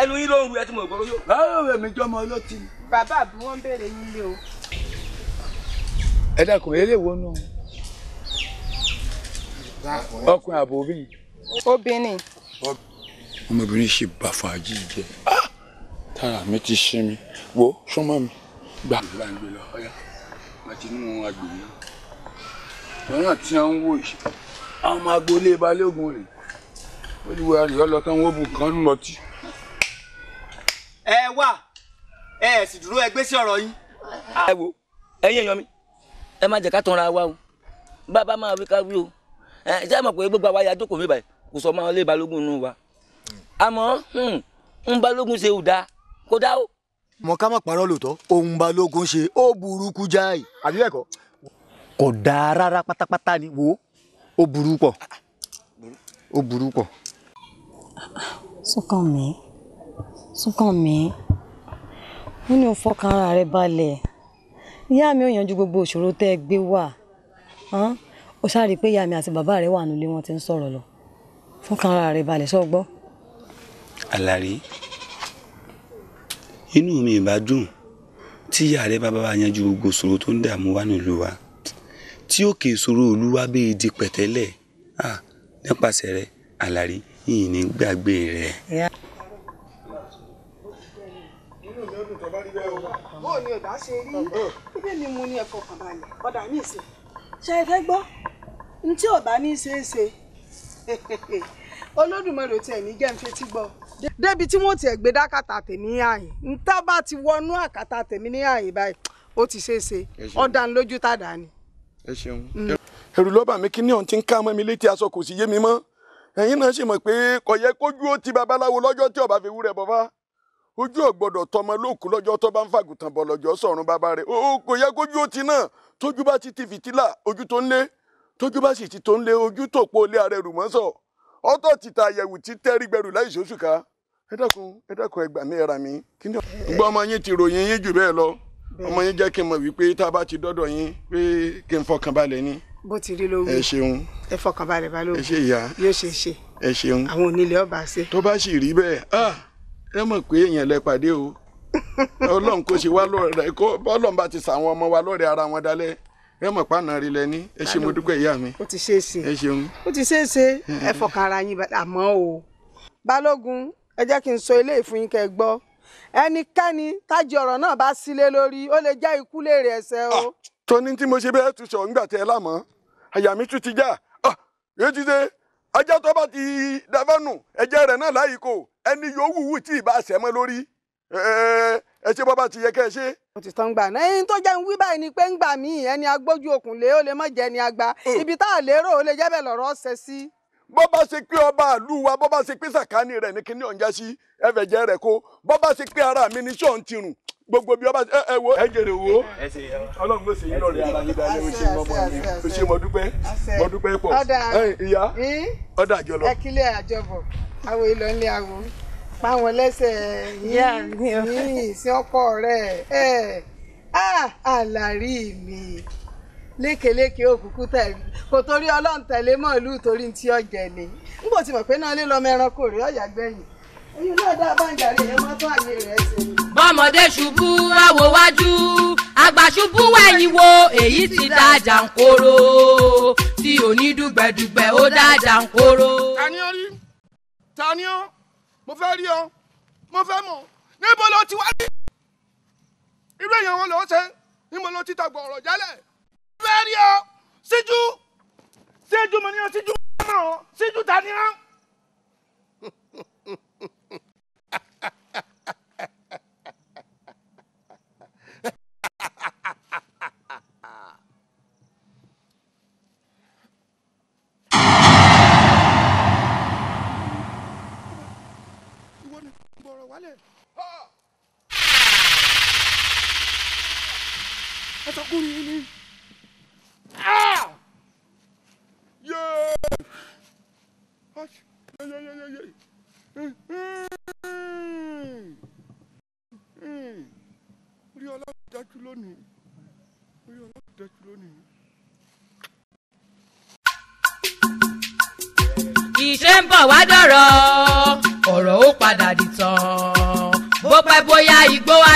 ẹnu yín ló ń ru ẹ tí mo gbọ́dọ̀ yó. báwo rẹ̀ mi jọmọ ọlọ́tí. bàbá àbí wọ́n béèrè yín lé o. ẹ dákun eré wo nù. ọkùnrin àbò obìnrin. obìnrin. ọmọbìnrin ṣe bà fàájì jẹ ah! tára mi ti ṣe mi wo sọmọ mi gbà. ìgbà ń gbé lọ ọyá àti inú agbègbè náà lọ́nà tí wọ́n ń wò yìí àwọn ọmọ agboolé balógun rè olùwà rè ọlọ́tàn wọ́n bù kán lọ́tì. ẹ wà ẹ sì dúró ẹ sí ọ̀rọ̀ yín. ẹ wo ẹ̀yin èèyàn mi ẹ má jẹ ká tanra wa o bàbá máa wí ká wí o ẹ jẹ́ mọ̀ pé gbogbo àwa ya mi báyìí kò sọ máa lé balógun nù wa àmọ́ hmm, ń balógun ṣe ò dáa kó dá o. mo ká má parọ́ ohun balógun ṣe ó burúkú jáì àbí bẹ́ẹ̀ kò dáa rárá ni wo ó burú Súnkànmí ó ní òfọkàn ara rẹ balẹ̀ ìyá mi ò yanjú gbogbo òṣòro tẹ́ ẹ gbé wà ó ṣáàrí pé ìyá mi àti bàbá rẹ wà nílé wọn ti ń sọ̀rọ̀ lọ fọkàn ara rẹ balẹ̀ ṣó gbọ́. Àlàrí inú mi ìbá dùn tí ìyá rẹ bàbá wa yanjú gbogbo ìṣòro tó ń dààmú wa nílùú wa tí òkè ìṣòro ìlú wa bẹ́ẹ̀ di pẹ̀tẹ́lẹ̀ ah, nípasẹ̀ rẹ Àlàrí yìnyín gbàgbé rẹ. Yeah. rẹ ni ọ̀dà ṣe rí ibẹ̀ ni mo ní ẹ̀fọ́ kàbálẹ̀ ọ̀dà ní ìsìn ṣe é fẹ́ gbọ́ n tí ní í é ṣe (laughs) tiẹ̀ ní jẹ́ gbọ́ débi tí wọ́n gbé dákàtà tèmi bá ti wọnú àkàtà tèmi ní àyìn báyìí ó ti ẹ ṣeun. Mm. kí ní ọ̀hún ti ń ká mọ́ mi létí aṣọ ọba fi wúrẹ̀ ojú ọ̀gbọ́dọ̀ tọmọ lóòkú lọ́jọ́ tó bá ń fàgùtàn bọ̀ lọ́jọ́ sọ̀run bàbá rẹ̀ o kò yẹ kójú ó ti náà tójú bá ti ti fìtílà ojú tó ń lé tójú bá sì ti tó ń lé ojú tó pọ̀ lé ara ẹrù mọ́sọ̀ ọ̀tọ̀ tìta àyẹ̀wò tí tẹ́rí gbẹrù láì sóṣù ká ẹ dákun ẹ dákun ẹ gbà mí ẹ rà mí. gbọ́ ọmọ yín ti ròyìn yín jù bẹ́ẹ̀ lọ ọmọ yín jẹ́ kí n mọ̀ wípé tá a bá ti dọ́dọ̀ yín pé kí n fọkàn ni. bó ti rí lówó ẹ ṣeun ẹ fọkàn balógun ẹ ṣe ìyá yóò ṣe ṣe ẹ ṣeun àwọn onílé ọba ṣe. tó bá sì rí bẹ́ẹ̀ ah ẹ mọ̀ pé èèyàn lẹ pàdé o ọlọ́run kò ṣe wá lọ́rẹ̀ kó ọlọ́run bá ti sàwọn ọmọ wa lọ́rẹ̀ ara wọn dalẹ̀ ẹ mọ̀ pàánà rí lẹ ní ẹ ṣe mo dúpẹ́ ìyá mi. ó ti ṣe é ṣe ẹ ṣeun. ó ti ṣe é ṣe ẹ fọkàn ara yín àmọ́ o. balógun ẹ jẹ́ kí n sọ eléyìí fún yín kẹ́ ẹ gbọ́ ẹnikẹ́ni tájí ọ̀rọ̀ náà bá sílé lórí ó lè jẹ́ ikú léèrè ẹsẹ̀ o. Ah, tóní tí mo ṣe bẹ́ẹ̀ tún sọ nígbà ẹ lámọ́ àyà mi tún ti já ah èyí ti dé ajá tó bá ti dáfánù ẹ̀jẹ̀ rẹ̀ náà láyìí kò ẹni yòówù wù tí ì bá sẹ́mọ́ lórí ẹ ṣe bọ́ bá ti yẹ kẹ́ ẹ ṣe. mo ti tán gbà náà ẹni tó jẹ́ ń wí báyìí ni pé ń gbà mí ẹni agbójú okùn lé ó lè má jẹ́ ni agba ibi tá a lérò ó lè jẹ́ bẹ́ẹ̀ lọ́rọ̀ ṣẹ sí. bọ́ bá ṣe pé ọba àlú wa bọ́ bá ṣe pé sàkání rẹ̀ ní kíní ọ̀njá sí rẹ̀ kó bọ́ bá ṣe pé ara mi ní ṣọ́ọ̀n tirùn gbogbo bí ọba ẹ wo ẹ jèrè wo ọlọ́run ló ṣe yín lọ́rẹ̀ ara yín dalẹ̀ o ṣe mọ́mọ́ yín o ṣe mo dúpẹ́ mo dúpẹ́ pọ̀ ìyá ọ̀dà àjọ lọ. ẹkílẹ̀ àjọbọ̀ àwọn èèlò ńlẹ̀ àwọ̀ páwọn lẹ́sẹ̀ yìí sí ọkọ rẹ̀ ẹ̀ àlàrí mi lékeleke òkùnkùn tẹ̀lé kò torí ọlọ́run tẹ̀lé mọ́ọ̀lù torí ti ọ̀jẹ̀ ni n kò ti mọ̀ pé náà lé lọ́mọ ẹranko rẹ̀ ọ̀yà gbẹ̀yìn ẹ̀yin náà dá bàǹjàre ẹ̀ máa tó àyè rẹ̀ bọ́mọdé ṣubú wá wájú àgbà ṣubú wo èyí ti dá jàǹkóró tí onídùgbẹ̀dùgbẹ̀ ó dá jàǹkóró. ta ni ó rí ta ni ó mo fẹ́ rí ọ mo fẹ́ mọ̀ níbo ló ti wá rí irú èèyàn wọn lọ́ọ́ ṣe níbo ló ti tàgbọ̀ ọ̀rọ̀ jálẹ̀ mo fẹ́ rí ọ síjú síjú mo ní ọ síjú mọ́ ọ síjú ta ni ọ. wálẹ̀. ẹ sọ kúrú yín ni. rí ọlọ́run dájú lónìí rí ọlọ́run dájú lónìí. ìṣe ń bọ̀ wá dọ̀rọ̀ ọ̀rọ̀ ó padà dìtàn. bó pẹ́ bóyá igbó wá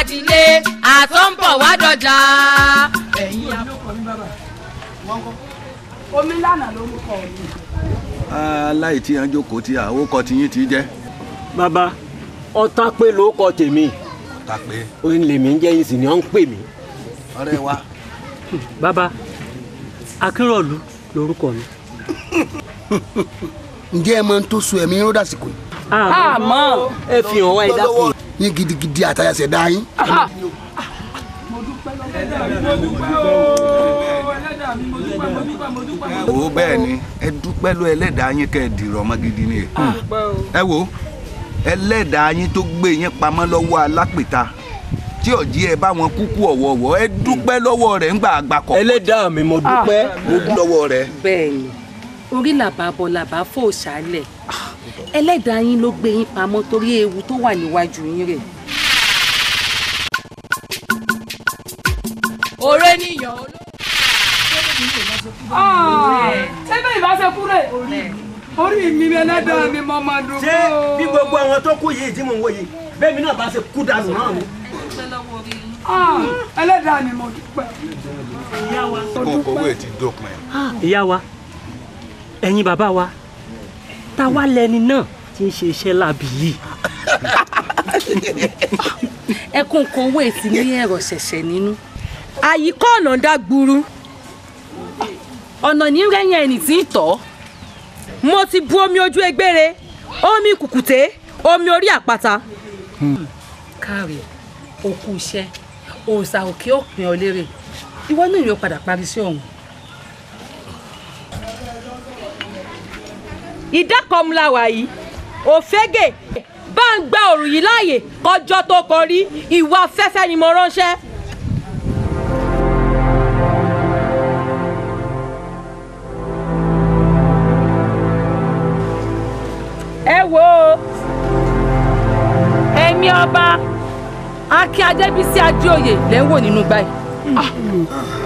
àtọ́ ń bọ̀ wá dọjà. ẹ̀yin àkókò mi bàbá wọn kọ́ omi lánàá tí ti jẹ. bàbá pé ló kọ tèmi. pé. ń lèmi ń jẹ́ ń pè mí. wa. bàbá ǹjẹ́ ẹ máa ń tó so ẹ̀mí rọ́dà àmọ́ ẹ fi hàn wá ẹ dákun. ní gidigidi àtàyàsẹ̀ dá yín. o bẹ́ẹ̀ ni ẹ dúpẹ́ lọ ẹlẹ́dàá yín kẹ́ ẹ dìrọ̀ ọmọ gidi ni ah. ẹ wo ẹlẹ́dàá yín tó gbé yín pamọ́ lọ́wọ́ alápèta tí ọ̀jí ẹ bá wọn kúkú ọ̀wọ̀ọ̀wọ̀ ẹ dúpẹ́ lọ́wọ́ rẹ̀ ńgbà àgbàkọ̀. ẹlẹ́dàá mi mo dúpẹ́ mo dúpẹ́ lọ́wọ́ rẹ̀. bẹ́ẹ̀ni orí làbàbọ làbà fò sálẹ̀ ẹlẹ́dàá yín ló gbé yín pamọ́ torí ewu tó wà níwájú yín rẹ̀. ọ̀rẹ́ níyàn olóògbé ah, tẹ́lẹ̀ ìbáṣekú rẹ̀ orí mi ni ẹlẹ́dàá mi mọ́ máa dùn. ṣé bí gbogbo àwọn tó kú yìí tí mò ń wòye bẹ́ẹ̀ mi náà bá ṣe kú dànù náà ni ah, ẹlẹ́dàá ni mo dúpẹ́. ìyá wa. owó ẹ ti dópin. Ah, ìyá wa ẹ̀yin bàbá wa ta wá lẹni náà tí ń ṣe iṣẹ́ láàbì yìí. ẹkún kan wẹ̀ tí ní ẹ̀rọ ṣẹ̀ṣẹ̀ nínú. àyíkọ́ ọ̀nà dá gburu ọ̀nà ní rẹ́yìn ẹni tí ń tọ́ mo ti bu omi ojú egbére omi kùkùté omi orí àpáta. káre òkú iṣẹ́ òòsà òkè òpin ọ̀lẹ́rẹ̀ ìwọ náà yóò padà parí sí ọ̀hún. ìdákọ̀mùláwà yìí òfégè bá ń gba òrùn yìí láàyè kọjọ́ tó kọrí ìwà afẹ́fẹ́ ni mo ránṣẹ́. ẹ wo ẹ̀mí ọba Akin Adébísí Adéoyè lẹ́wọ̀ nínú gbáyìí. Hmm.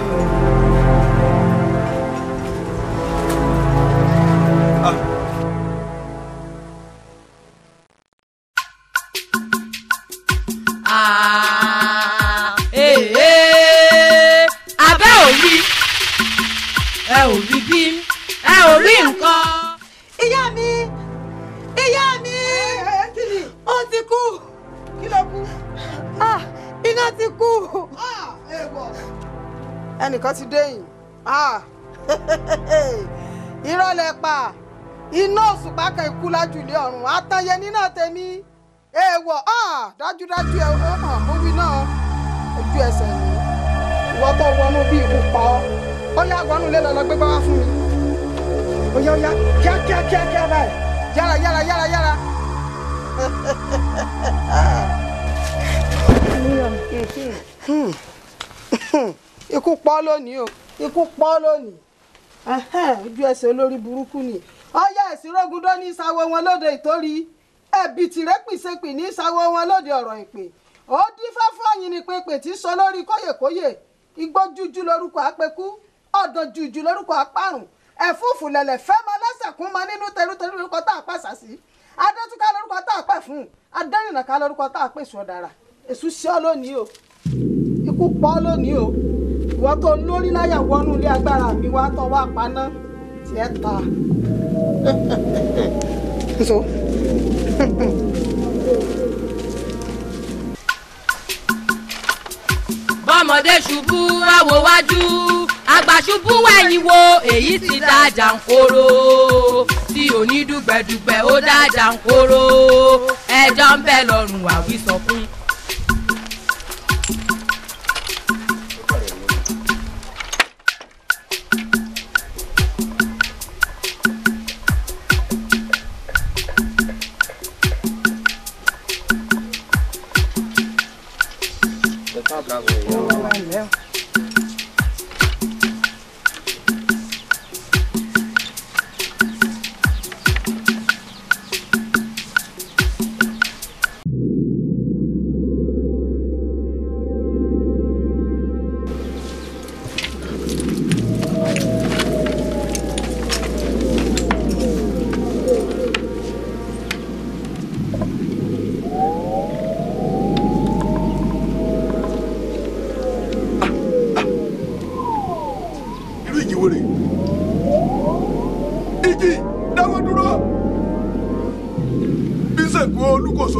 Ah, eh, eh. abẹ́ ò rí ẹ ò rí bí ẹ ò rí nǹkan. ìyá mi ìyá mi eh, ó ti kú kí ló kú ah, iná ti kú ah, ẹnìkan ti dẹ́yìn irọ́ lẹ pa iná òṣùpá kan ikú lájú ilé ọ̀run àtàyẹ nínà tèmi. èèwọ̀ ah, dájúdájú ẹ náà ojú ẹsẹ̀ ni ìwọ tó wọnú bí ikú pa ọ́ ó yá wọnú lé lọ́lọ́ gbé fún mi ó yá ó yá kíá kíá kíá kíá báyìí yára yára yára yára. Hmm. ikú pa lónìí o ikú pa lónìí ojú ẹsẹ̀ olórí burúkú ni ó yá ẹ̀sìn rógundó ní ìsàwọ̀ wọn lóde ẹ̀bì tìrẹ́ pìṣepì ní ìsawọ́ wọn lóde ọ̀rọ̀ ìpè ó dífá fún ọ̀yìn ni pépè tí sọ lórí kóyèkóyè igbó jújú lórúkọ àpẹkú ọ̀dọ̀ jújú lórúkọ àpárùn ẹ̀fúùfù lẹ̀lẹ̀ fẹ́ mọ lẹ́sẹ̀ kún mọ nínú tẹrútẹrú lórúkọ tá a pàṣà sí adétúká lórúkọ tá a pẹ̀ fún adẹ́rìnàká lórúkọ tá a pèsè ọ̀dàrà èṣù sí ọ lónìí o ikú pọ̀ lónìí o ìwọ tó lórí láyà wọnú ilé agbára mi wá tọ́ wá paná tiẹ̀ ta. (laughs) bọ́mọdé ṣubú wá wo wájú àgbà ṣubú ẹ̀yìn wo èyí ti dájà ń kóró tí onídùgbẹ̀dùgbẹ̀ ó dájà ń kóró ẹjọ́ ń bẹ lọ́rùn àwísọ̀kún. แล้ว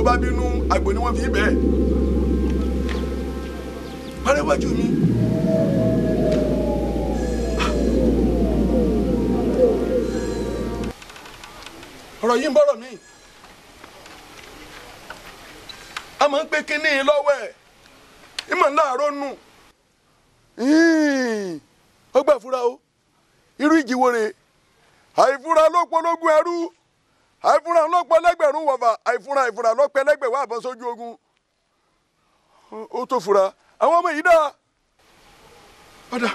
tó bá bínú àgbò ni wọn fi bẹ́ẹ̀ arẹwájú mi. ọ̀rọ̀ yìí ń mi a máa ń pé kínní lọ́wọ́ ẹ̀ ìmọ̀ láàárọ̀ nù ó fúra o irú ìjìwòrè àìfúra ló ẹrú. àìfúnra lọ́pọ̀ ẹlẹ́gbẹ̀rún wọ̀fà àìfúnra àìfúnra lọ́pọ̀ ẹlẹ́gbẹ̀wá àbọ̀ sójú ogun ó tó fura àwọn ọmọ yìí dáa padà.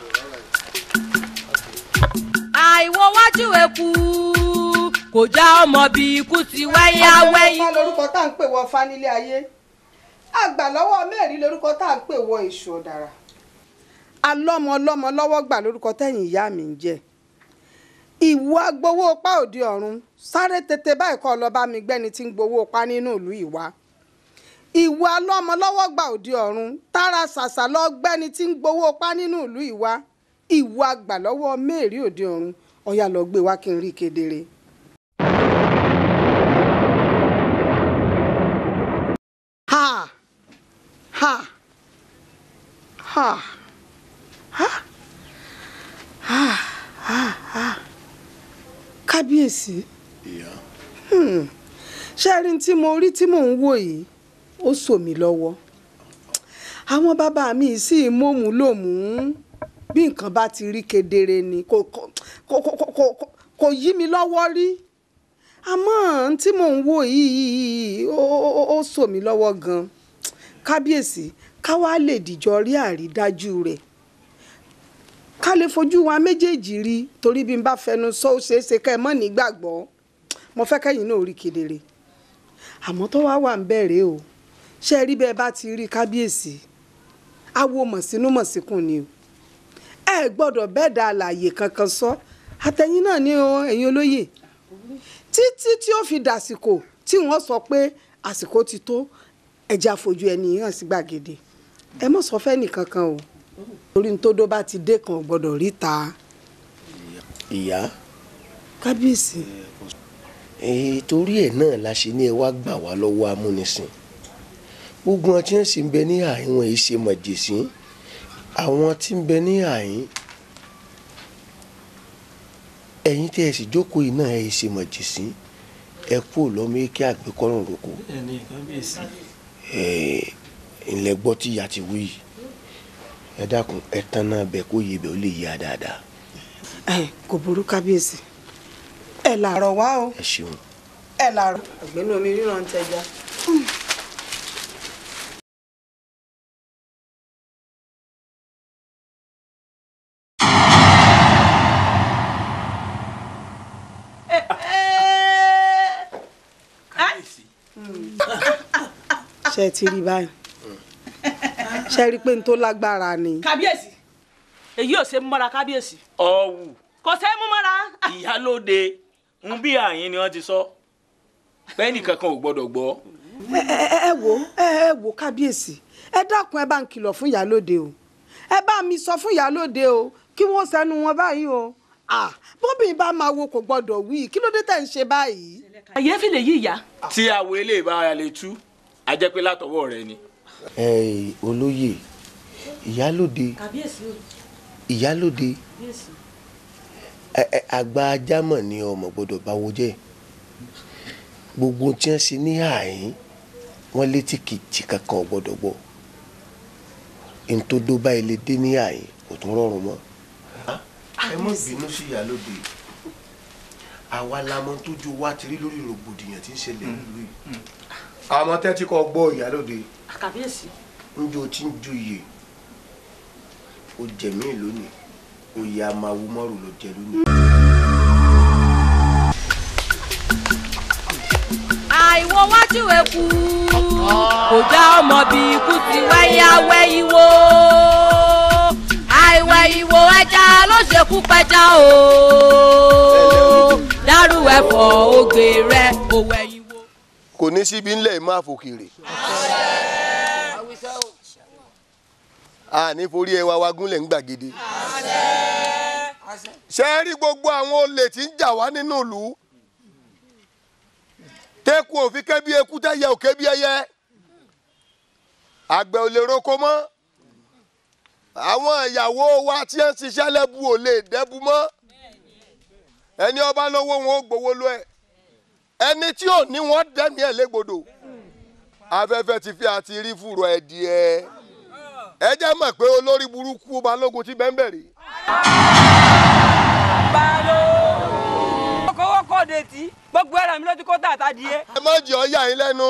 àìwo wájú eku kò já ọmọ bí ikú ti wáyà wẹ́yìn. ọ̀pá lórúkọ tá à ń pè wọ fanilé ayé àgbà lọ́wọ́ mẹ́rin lórúkọ tá à ń pè wọ èṣù ọ̀dàrà. alọ́mọ ọlọ́mọ lọwọ gbà lórúkọ tẹ̀yìn ìyá mi ń jẹ́. ìwọ agbowó pa òde ọ̀run sáré tètè báyìí kọ́ lọ́ọ́ mi gbẹ́ni tí ń gbowó pa nínú ìlú ìwà ìwọ alọ́mọ lọ́wọ́ gba òde ọ̀run tára ṣàṣà lọ́ọ́ gbẹ́ni tí ń gbowó pa nínú ìlú ìwà ìwọ àgbà lọ́wọ́ mẹ́rin òde ọ̀run ọ̀yà lọ́ọ́ gbé wá kí n rí kedere. ha ha ha ha ha ha. ha kábíyèsí hmm. ṣé ẹ rí tí mo rí tí mò ń wò yìí ó sò mí lọ́wọ́ àwọn bàbá mi sì mọ̀mú lòmú bí nǹkan bá ti rí kedere ni kò yí mi lọ́wọ́ rí àmọ́ tí mò ń wò yìí ó sò mí lọ́wọ́ gan-an kábíyèsí ká wá lè dìjọ rí àrídájú rẹ̀ ká lè fojú wa méjèèjì rí torí bí n bá fẹnu sọ ó ṣeé ṣe ká ẹ mọ́ nígbàgbọ́ mo fẹ́ kẹ́yìn náà rí kedere àmọ́ tó wá wà ń bẹ̀rẹ̀ o ṣe rí bẹ́ẹ̀ bá ti rí kábíyèsí awo mọ̀sínú mọ̀síkùn ni o ẹ gbọ́dọ̀ bẹ́ẹ̀ da àlàyé kankan sọ àtẹ̀yìn náà ni o ẹ̀yin olóyè títí tí ó fi dàsìkò tí wọ́n sọ pé àsìkò ti tó ẹ̀jẹ̀ àfojú ẹni hàn sí gbàgede ẹ mọ̀ sọ fẹ́ nìkankan o torí ní tódó bá ti dé kan gbọ́dọ̀ ríta. ìyá kábíyèsí. torí ẹ̀ náà la ṣe ní ẹ wá gbà wá lọ́wọ́ amúnisìn gbogbo ọtí ń sì ń bẹ ní àyín wọn èyí ṣe mọ̀jèsí àwọn tí ń bẹ ní àyín ẹ̀yin tí ẹ sì jókòó yìí náà èyí ṣe mọ̀jèsí ẹ kú lọ́mọ eke àgbékọ́rùn roko ẹ̀ ńlẹ̀ gbọ́ tí ìyá ti wí yìí ẹ dákun ẹ tán náà bẹ kó yé bẹ ó lè yá dáadáa. ẹ kò burú kábíyèsí ẹ làárọ̀ wá o. ẹ ṣeun. ẹ làárọ̀. ọ̀gbẹ́ni omi ríran ń tẹja. Hmm. ṣe ti rí báyìí ṣe rí i pé n tó lágbára ni. kábíyèsí èyí ò ṣe mọ́ra kábíyèsí. ọ̀wù. kò ṣe é mú mọ́ra. ìyálóde ń bí àyín ni wọ́n ti sọ bẹ́ẹ̀ni kankan ò gbọ́dọ̀ gbọ́. ẹ wo ẹ wo kábíyèsí ẹ dákun ẹ bá ń kìlọ̀ fún ìyálóde o ẹ bá mi sọ fún ìyálóde o kí wọ́n sẹ́nu wọn báyìí o bóbìn bá máa wo kò gbọ́dọ̀ wí kí ló dé tẹ̀ ń ṣe báyìí. àyẹ́fì lè yí ìyá. tí àwo eléyìí bá ara lè tú a látọwọ́ rẹ ni olóyè ìyálòde ìyálòde àgbà ajámọ̀ ni ọmọ gbọ́dọ̀ báwo jẹ́ gbogbo tí wọ́n ṣe ní àyín wọ́n létí kìtì kankan gbọ́dọ̀ gbọ́ ntòdó bá ilé dé ní àyín kò tún rọrùn mọ́. ẹ mọ̀ bínú sí ìyálòde àwa la mọ̀ tójú wa ti rí lórí rògbòdìyàn tí ń ṣẹlẹ̀ nílùú yìí àmọ́ tẹ́tí kọ́ gbọ́ ìyálòde kàbíyèsí. njó tí ń joyè ó jẹ mí lónìí oyè amáwú mọ́rù ló jẹ lónìí. àìwọ wájú ẹkú kò já ọmọ bí ikú ti wáyà wẹ́yìwó àìwẹ̀ ìwò ẹja ló ṣekú pẹja o dárú ẹ̀fọ́ ògbè rẹ̀ òwẹ̀ ìwò. kò ní síbi ńlẹ̀ máa fòkèrè a ní forí ẹwà wa gúnlẹ̀ ń gbàgede. ṣe rí gbogbo àwọn olè tí ń jà wá nínú ìlú tẹ́kù òfin kẹ́bí eku tẹ́yẹ òkè bí ẹyẹ àgbẹ̀ ò lè roko mọ́ àwọn ìyàwó wa tí ń ṣiṣẹ́ lẹ́bu ò lè dẹ́bu mọ́ ẹni ọba lówó wọn ò gbowó lọ ẹ ẹni tí ò ní wọn dẹ́mi ẹ̀ légbodò afẹ́fẹ́ ti fi àti rí fùrọ̀ ẹ̀ díẹ̀ ẹ jẹ́ mọ̀ pé olórí burúkú balógun ti bẹ́ẹ̀ bẹ̀rẹ̀. balógun. kọ́wọ́ kọ́ de tí gbogbo ẹ̀rọ mi ló ti kó tàtà di yé. ẹ má jẹ́ ọ yà yín lẹ́nu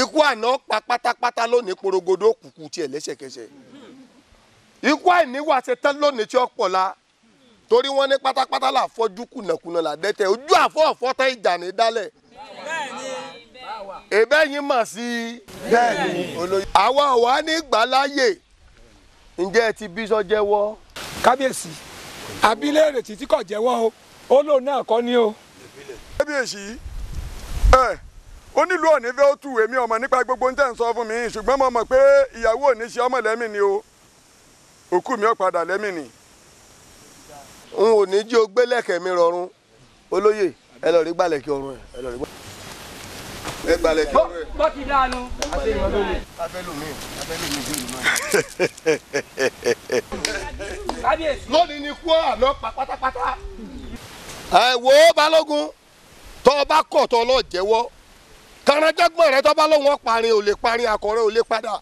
ikú àná pa pátápátá lónìí porogodo kùkù tiẹ̀ lẹ́sẹ̀kẹsẹ̀ ikú àìní wà ṣe lónìí tí ó la torí wọ́n ní pátápátá là fọ́jú kùnàkùnà là dẹ́tẹ̀ ojú àfọ́ọ̀fọ́ tán ìjà ní dálẹ̀. bẹ́ẹ̀ni ẹ̀bẹ̀ yín mà sí i. bẹ́ẹ̀ni olóyè. àwa ò wá ní gbàláyè ǹjẹ́ ẹ ti bí sọ́jẹ́wọ́. kábíyèsí abilé tí kò jẹ́wọ́ o ó lò náà kọ́ ni o. kábíyèsí ẹ fẹ́ ó tù èmi ọmọ nípa gbogbo ń tẹ̀ ń mi ṣùgbọ́n mo mọ̀ pé ìyàwó ṣe ọmọ ni o òkú mi ò padà ni. n ò ní o gbé mi rọrùn olóyè ẹ lọ rí ẹ gbalẹ̀ kí lóore. bó ti dànù. abẹ́lómi abẹ́lómi ìlú náà. kábíyèsí. lónìí ni kú àlọ́ pa pátápátá. ẹ wo balógun tọ́ ọ bá kọ̀ tọ́ ọ lọ jẹ́wọ́ kànájọ́gbọ̀n rẹ tọ́ bá lóun ọ̀parin ò lè parin àkọ́rẹ́ ò lè padà.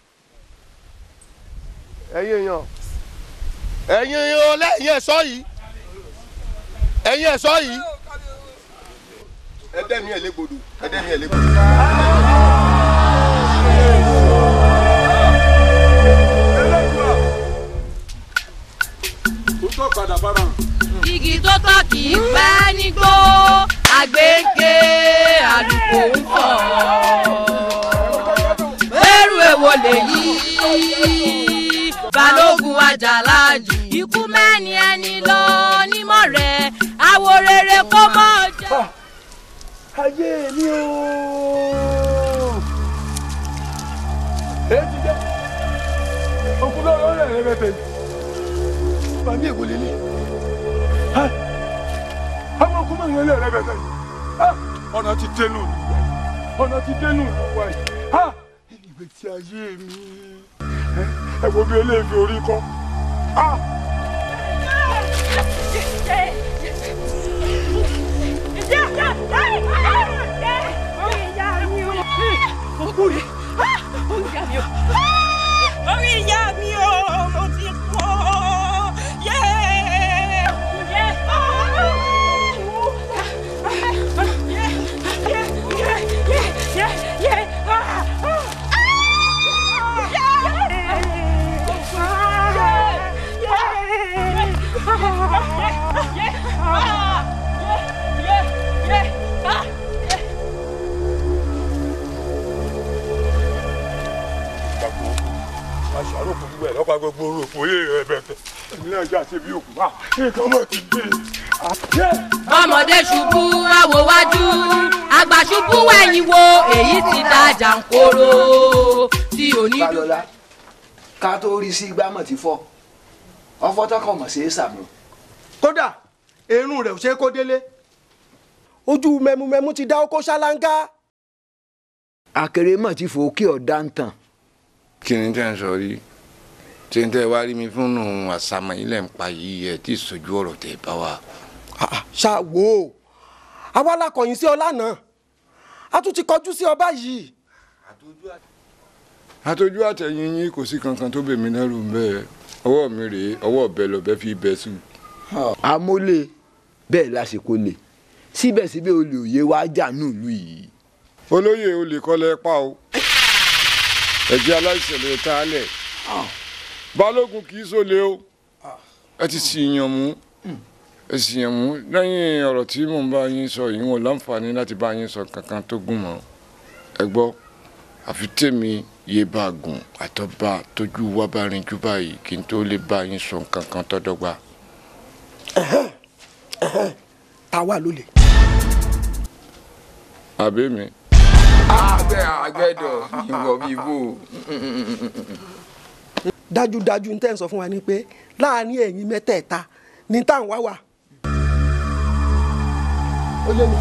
ẹ̀yin èèyàn ẹ̀yin èèyàn lẹ́yìn ẹ̀ṣọ́ yìí ẹ̀yin ẹ̀ṣọ́ yìí ẹdẹmi ẹ légbodò ẹdẹmi ẹ légbodò. igi tó tọ́ kì í pẹ́ nígbó àgbéǹkè àlùkò ń fọ̀ bẹ́rù èwo lèyí balógun àjàlá jù ikú mẹ́ni ẹni lọ. ayé mi o. èyí jẹ́ òkú lọ́rọ́ rẹ̀ rẹpẹtẹ bàbí èwo lè ní. àwọn òkú mọ̀nyẹn lè rẹpẹtẹ ọ̀nà ti dẹnu ọ̀nà ti dẹnu ìwà yìí ìgbésí ayé mi ẹ wo bí eléyìí fi orí kọ́. orí ìyá mi o mo ti kú. gbogbo ẹ̀ lọ́pàá gbogbo orò òpó lè rẹ̀ bẹ̀tẹ̀ èmi náà jà sí ibi òkú náà nǹkan mọ̀ ti gbé e. Ah, bọ́mọdé ṣubú àwò wájú àgbà ṣubú ẹ̀yìn wo èyí ti da jàǹkóró tí ò dùn. balọ̀lá ká tó rí sí gbámọ̀ ti fọ́ ọfọ́ tọkàn mọ̀ sí sàmù. kódà irun rẹ̀ ò ṣe kó délé ojú mẹmúmẹmú ti dá ó ṣáláńgá. àkèrè ti fò kí ọ̀dà ń tàn. kí ni tẹ́ ń sọ yìí tí n tẹ́ wá rí mi fún nù àsàmọ̀ yìí ń pa yìí ẹ̀ tí ìsojú ọ̀rọ̀ tẹ̀ bá wa. Ah, ah, ṣá wo àwa la kọ̀yìn sí ọ lánàá a tún ti kọjú sí ọ báyìí. àtọ́jú àtẹ̀yìn yín kò sí kankan tó bèmí náà rò bẹ́ẹ̀ ọwọ́ mi rèé ọwọ́ ọ̀bẹ lọ́bẹ fi bẹ́ sùn. àmọ́lé bẹ́ẹ̀ lásìkò lè síbẹ̀síbẹ̀ olè òye wa jà nílùú yìí. olóyè olè kọ́lẹ́ pa o ẹ̀jẹ̀ aláìsàn lè ta á lẹ̀. Ah balógun kì í sọlẹ o ẹ ti ṣìyàn mú ẹ ṣìyàn mú lẹ́yìn ọ̀rọ̀ tí mò ń bá yín sọ yìí wọn láǹfààní láti bá yín sọ kankan tó gùn mọ́ ẹ gbọ́ àfi tèmi yé bá a gùn àtọ́ba tójú wá bá rin jù báyìí kí n tó lè bá yín sọ kankan tó ta wà lólè. àbẹ́ mi. àgbẹ̀ ah! àgbẹ̀ dọ̀ ìwọ̀ dájúdájú ní tẹ́ ń sọ fún wa ni pé láàárín ẹ̀yin mẹ́tẹ̀ẹ̀ta ní tá à ń wá wà. ó lé mi.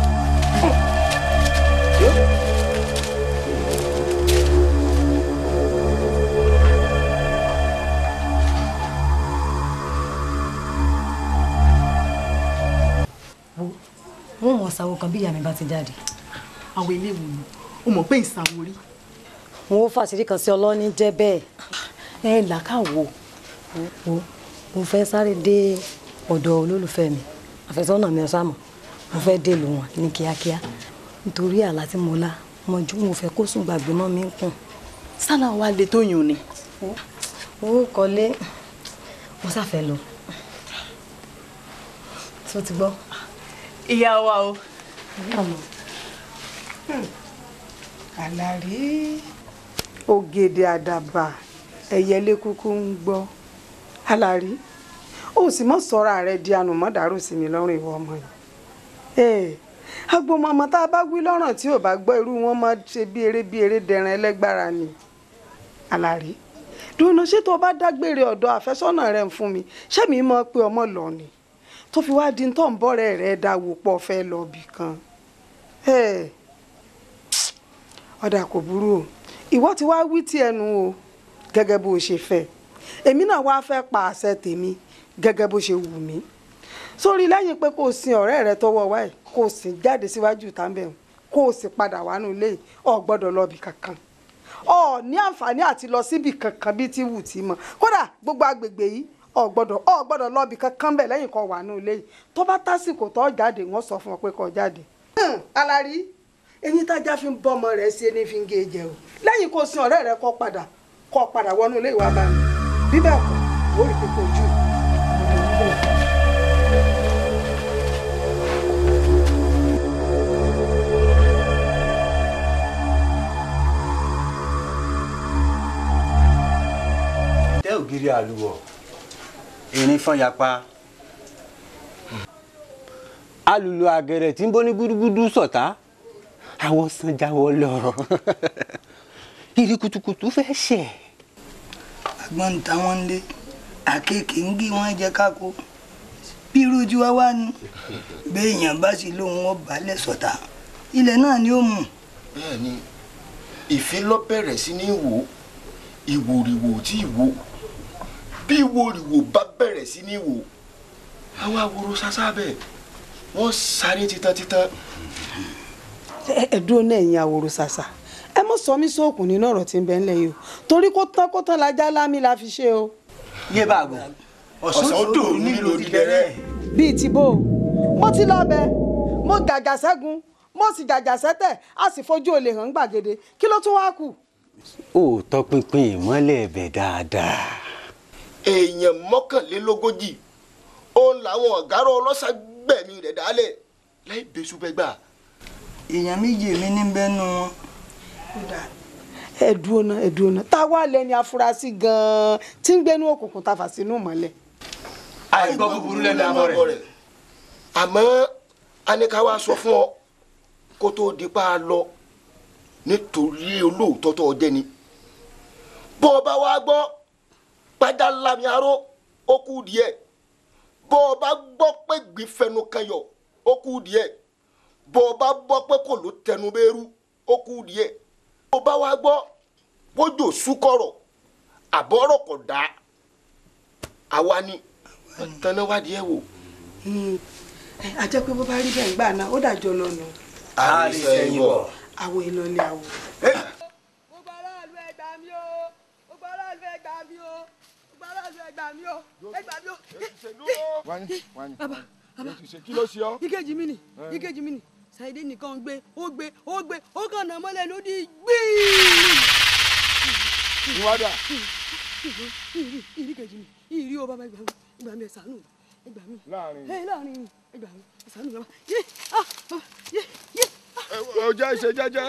wọ́n mọ̀ ṣàwo kan bí ìyá mi bá ti jáde. àwọn eléwo ni o mọ̀ pé ìsàwórí. wọn ò fàṣírí kan sí ọlọ́ni jẹ́ bẹ́ẹ̀ ẹ làákàwò wo mo fẹ́ sáré dé ọ̀dọ̀ olólùfẹ́ mi àfẹ́sọ́nà mi ọ̀sán mọ̀ mo fẹ́ dé lù wọ́n ní kíákíá nítorí àlá tí mo lá mọ̀jú mo fẹ́ kó sùn gbàgbé mọ́ mi ń kùn. sálà wa lè tó yùn ni. ó kọ́lé mo sáfẹ́ lọ tó ti gbọ́. ìyá wa o. Hmm. àlàrí ògèdè àdàbà ẹyẹlé kúkú ń gbọ́ alárí ó sì mọ̀ sọ́ra rẹ̀ di ànùmọ́dàrú sí mi lọ́rùn ìwọ ọmọ yìí agbomọmọ tá a bá wí lọ́ràn tí ò bá gbọ́ irú wọn máa ṣe bí eré bí eré dẹran ẹlẹ́gbára ni alárí dùnú ṣé tó bá dágbére ọ̀dọ̀ àfẹ́sọ́nà rẹ̀ ń fún mi ṣé mi mọ̀ pé ọmọ lọ ni tó fi wáá di tó ń bọ́rẹ̀ rẹ̀ dá wò pọ̀ fẹ́ lọ bì kan ọ̀dà kò burú o ti wá wí ti ẹnu o gẹ́gẹ́ bó ṣe fẹ́ èmi náà wá fẹ́ pa àṣẹ tèmi gẹ́gẹ́ bó ṣe wù mí sórí lẹ́yìn pé kò sin ọ̀rẹ́ rẹ tọwọ́ wá ẹ̀ kò sì jáde síwájú tàbẹ̀wò kò sì padà wá nù lé ọ̀ gbọ́dọ̀ lọ́ọ̀bì kankan ọ̀ ní àǹfààní àti lọ síbì kankan bíi ti wù tí mọ̀ kódà gbogbo agbègbè yìí ọ̀ gbọ́dọ̀ ọ̀ gbọ́dọ̀ lọ́ọ̀bì kankan bẹ̀ lẹ́yìn kan wà nù lé tó bá tásìkò tó jáde wọ́n sọ fún ọ pé kó jáde. Hmm, alárí eyín tájá fi ń bọ́ ọmọ rẹ̀ sí ẹni fi ń gé e jẹ o lẹ́yìn kò sin ọ̀rẹ́ rẹ kó padà kọ́ padà wọnú ilé ìwà bá mi bíbẹ̀ kọ́ ó rí pípọ̀ ojú tẹ́ ògiri àlùwọ̀ irin fọ́n yapa alùlù àgẹ̀rẹ̀ tí ń bọ́ ní gúdúgúdú sọ̀tá àwọn sanjáwọ́ lọ. (laughs) ìrì kùtùkùtù fẹ́ ṣẹ̀. agbọ́n ń ta wọ́n lé àkekè ń gé wọ́n jẹ káko bí rojú wa wá nu béèyàn bá sì lóun wọn balẹ̀ sọ̀tà ilẹ̀ náà ni ó mú. bẹ́ẹ̀ni ìfín lọ bẹ̀rẹ̀ sí ní wò ìwòrìwò tí ìwò bí ìwòrìwò bá bẹ̀rẹ̀ sí ní wò àwa woro sásá bẹ́ẹ̀ wọ́n sáré titan ẹ ẹ dúró náà ẹ̀yin àwòrò sàṣà ẹ mọ̀ sọ mí sóòkùn nínú ọ̀rọ̀ tí ń bẹ ńlẹ̀ yìí o torí kó tán kó tán lajá lámì la fi ṣe o. yé bàgò ọ̀sán ó dò nílò ìdílẹ́rẹ́. bíi ti bó mo ti lọ bẹ mo gàgà sẹ́gun mo sì gàgà sẹ́tẹ̀ a sì fojú olè hàn gbàgede kí ló tún wá kù. ó tọpinpin ìmọ́lẹ̀ ẹ̀bẹ̀ dáadáa. èèyàn mọ́kànlélógójì òun làwọn ọ̀gárọ̀ ọlọ́sà gbẹ̀mí rẹ̀ dálẹ̀ láì bẹ́sù èèyàn méje mi ní bẹ́ẹ̀ wọn ẹ̀dùn ọ̀nà ẹ̀dùn ọ̀nà tá a wá lẹ́ni afurasí gan-an tí ń gbénú òkùnkùn ta fà sínú mọ́lẹ̀. àìgbọ́ búburú lẹ́nu àmọ́ rẹ̀. àmọ́ anikawa sọ fún ọ kó tó di pa á lọ nítorí olóòótọ́ tó ọdẹ ni bọ́ ọ bá wá gbọ́ padà lami aró ó kù díẹ̀ bọ́ ọ bá gbọ́ pé gbìfẹ́nu kanyọ̀ ó kù díẹ̀ bọ́ ọ bá gbọ́ pé kò ló tẹnu bẹ́ẹ́rú ó kù díẹ̀ bó bá wá gbọ́ pójò súkọ̀rọ̀ àbọ̀rọ̀ kò dá àwa ni tanná wádìí ẹ̀ wò. a jẹ́ pé bó bá rí bẹ́ẹ̀ gbà náà ó dàjọ́ lọ́nà. a lè sẹ́yìn wọ̀. àwọn ìlọlẹ̀ àwọ̀. gbogbo aráàlú ẹ gbà mí o gbogbo aráàlú ẹ gbà mí o gbogbo aráàlú ẹ gbà mí o ẹ gbà mí o. wáyé wáyé bàbá bàbá kí ló ṣe ọ. ìkejì mi ni eh. ìkejì mi ni. Ṣáídé nìkan gbé ó gbé ó gbé ó kàn náà mọ́lẹ̀ lódì gbìyì. ìwádà. ìrí kejì mi ìrí o bàbá ìgbà mi ìgbà mi ẹ̀sánú ìgbà mi. láàrin mi láàrin mi ìgbà mi ẹ̀sánú bàbá yé ah bàbá ah, yé yé. Ah. ọjọ́ ìṣe jẹ́jẹ́.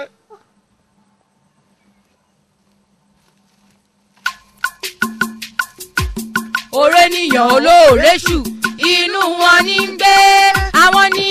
ọ̀rẹ́ nìyàn olóore ṣù inú wọn ní gbé àwọn ní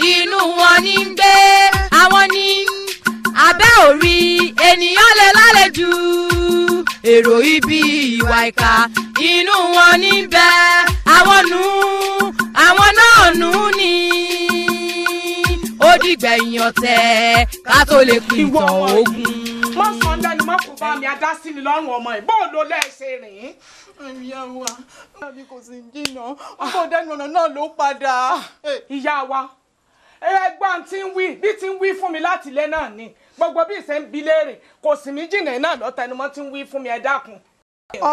inú wọn ní ń gbé àwọn ní abẹ́ òrí ènìyàn lè lálejò èrò ibi ìwà ìka inú wọn ní bẹ́ àwọn nù àwọn náà nù ni ó dìgbẹ̀yìn ọ̀tẹ̀ ká tó lè pin ìtàn ogun. mọ sàn ni. mọ kò bá mi adá sí mi lọ́rùn ọmọ ẹ bó ló lẹ rìn. ìyá wa àbí kò sí jìnnà ọkọ̀ dẹ́nu ọ̀nà náà ló padà. ìyá wa ẹgbọ́n tí ń wí bí tí ń wí fún mi láti ilé náà ni gbogbo bí ìṣe ń bi léèrè kò sì mí jìnnà náà lọ́tẹnumọ́ tí ń wí fún mi ẹ dákun.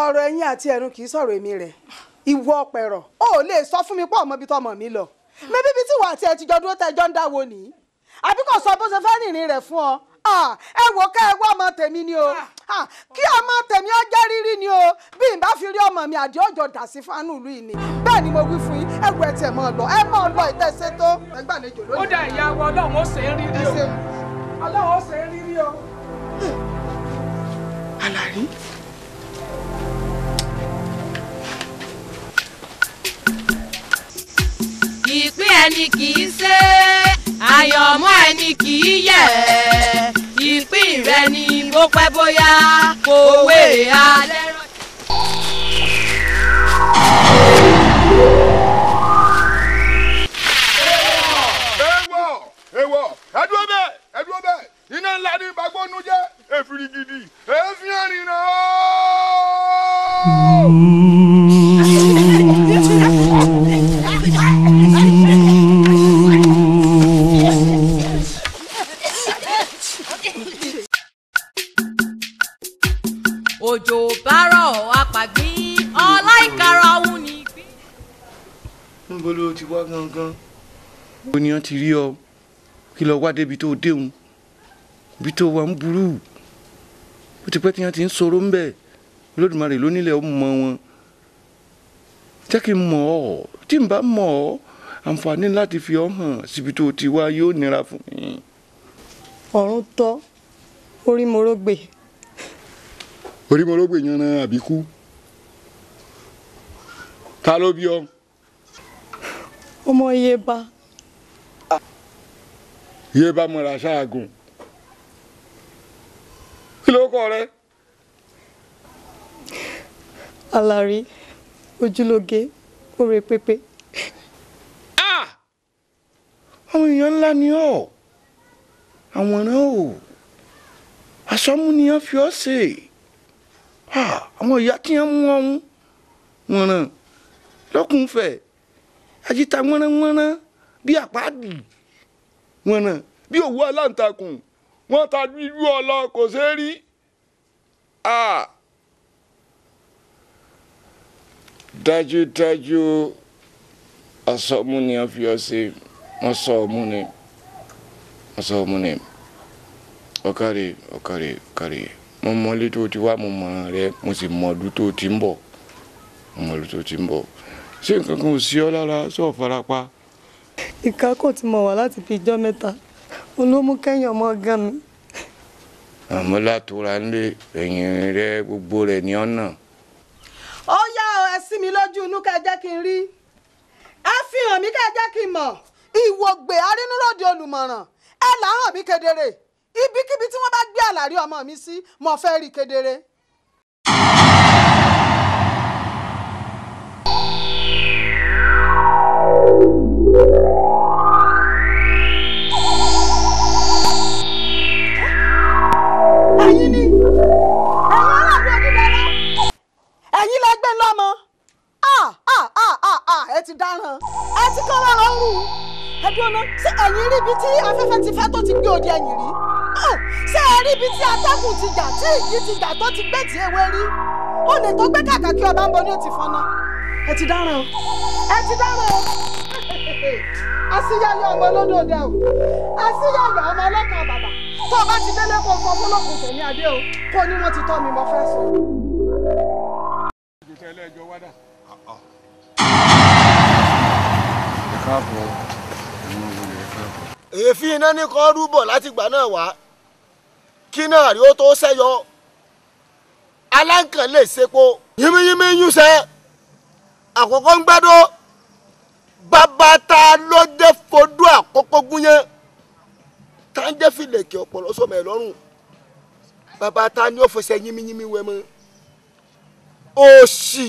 ọ̀rọ̀ ẹ̀yìn àti ẹnu kì í sọ̀rọ̀ èmi rẹ̀ ìwọ ọ̀pẹ̀rọ̀ o ò lè sọ fún mi pọ̀ ọmọ ibi tó ọmọ mi lọ mẹ́bí bí tíwọ́ àti ẹ̀ ti jọ dúró tẹ́jọ́ ń dáwọ́ nìyí àbí kò sọ bó ṣe fẹ́ rìnrìn rẹ̀ fún ọ ẹ wò ká ẹ wá ọmọ tèmi ni o kí ọmọ tèmi ó jẹ́ rírí ni o bí n bá fi rí ọmọ mi àdé òjò dà sí fánú ìlú yìí ni bẹ́ẹ̀ ni mo wí fún yín ẹ wọ ẹtì ẹ mọ lọ ẹ mọ lọ ìtẹsẹ tó ó dà ìyá wa ọlọ́run ó ṣe é rírí o ọlọ́run ó ṣe é rírí o. Àlàrí. ìpín ẹni kì í ṣe é. àyànmọ́ ẹni kì í yẹ̀ ìpín rẹ ni bó pẹ́ bóyá kò wé alẹ́ rọ. ewọ ewọ ẹdúró bẹ́ẹ̀ ẹdúró bẹ́ẹ̀ iná ńlá ní ìbágbónú jẹ èfìrì níbo ló ti wá gangan. ó ní wọn ti rí ọ kí lọ wá débi tó déhùn ibi tó wà ń burú ó ti pẹ́ tí wọ́n ti ń sọ̀rọ̀ ńbẹ̀ Olódùmarè lónílẹ̀ ó mọ wọn jẹ́ kí n mọ̀ ọ́ tí n bá mọ̀ ọ́ àǹfààní láti fi ọ́ hàn síbi tó ti wá yóò nira fún mi. ọ̀run tọ́ orí morógbè. orí morógbè yan ran àbíkú ta ló bí ọ ọmọ Yéba. Yéba mọ̀ra ṣáàgùn kí ló kọ rẹ. alárí ojúlóge oore pépé. àwọn èèyàn ńlá ni ọ́ àwòrán o àsọmú ni wọ́n fi ọ́ ṣe àwọn ìyá tí wọ́n mú ọ́n wọ̀nràn lọ́kùnfẹ̀ẹ́ àyíta wọ́nrán-wọ́nrán bí àpáàdì wọ́nrán bí òwú aláǹtakùn wọ́n ta irú ọlọ kò ṣeé rí dájúdájú ọ̀sọ́mú ni wọ́n fi ọ ṣe wọ́n sọ ọmú ni wọ́n sọ ọmú ni ọ̀kàrè ọ̀kàrè ọ̀kàrè mo mọ ilé tó ti wá mo mọ rẹ mo sì mọ ọdún tó ti ń bọ̀ mo mọ ọdún tó ti ń bọ̀ ṣé nǹkan kan ò sí ọ lára ṣé ò fara pa. ìka kò tí mo wà láti fi ijọ́ mẹ́ta olómú kẹ́yìn ọmọ gan mi. àmọ́ látòra ńlé ẹ̀yìn rẹ gbogbo rẹ̀ ní ọ̀nà. ó yá ẹ sí mi lójú inú ká jẹ́ kí n rí ẹ fi hàn mí ká jẹ́ kí n mọ̀ ìwògbè arínúròde olùmọ̀ràn ẹ là hàn mí kedere ibikíbi tí wọ́n bá gbé àlàrí ọmọ mi sí mo fẹ́ rí kedere. ẹ̀yin lẹ gbé lọ́mọ ẹ ti dáràn ẹ ti kọ́ lára ọ̀run ẹ̀dùnà ṣé ẹ̀yin rí ibi tí afẹ́fẹ́ ti fẹ́ tó ti gbé òde ẹ̀yìn rí ṣé ẹ rí ibi tí atẹ́gùn ti jà tí ìjì ti jà tó ti gbé tí ewé rí ó lè tó gbé kàkà kí ọba ń bọ ní òtí fọnà ẹ ti dáràn ẹ ti dáràn àṣeyàyọ (laughs) ọmọ olódòdè o àṣeyàyọ ọmọ ọlọ́kàn bàbà tó o bá ti délé kó o fọ fọlọ́kùn tòní adé o kó o ní wọ́n ti tọ́ mi mọ́ fẹ́ ẹlẹ́jọ́ wádà. èéfín iná ní kọ́ rúbọ̀ láti gbà náà wá kí náà rí ó tó ṣẹ́yọ aláǹkàn lè ṣepo yínmíyínmí yúnṣẹ́ àkọ́kọ́ ń gbádùn bàbá ta ló jẹ́ fojú àkọ́kọ́ gúnyán tá ń jẹ́ fìlẹ̀kẹ̀ ọ̀pọ̀lọ́sọ̀mọ̀ ẹ̀ lọ́rùn bàbá ta ni ó fẹsẹ̀ yínmíyínmí wẹ̀ mọ́ òṣì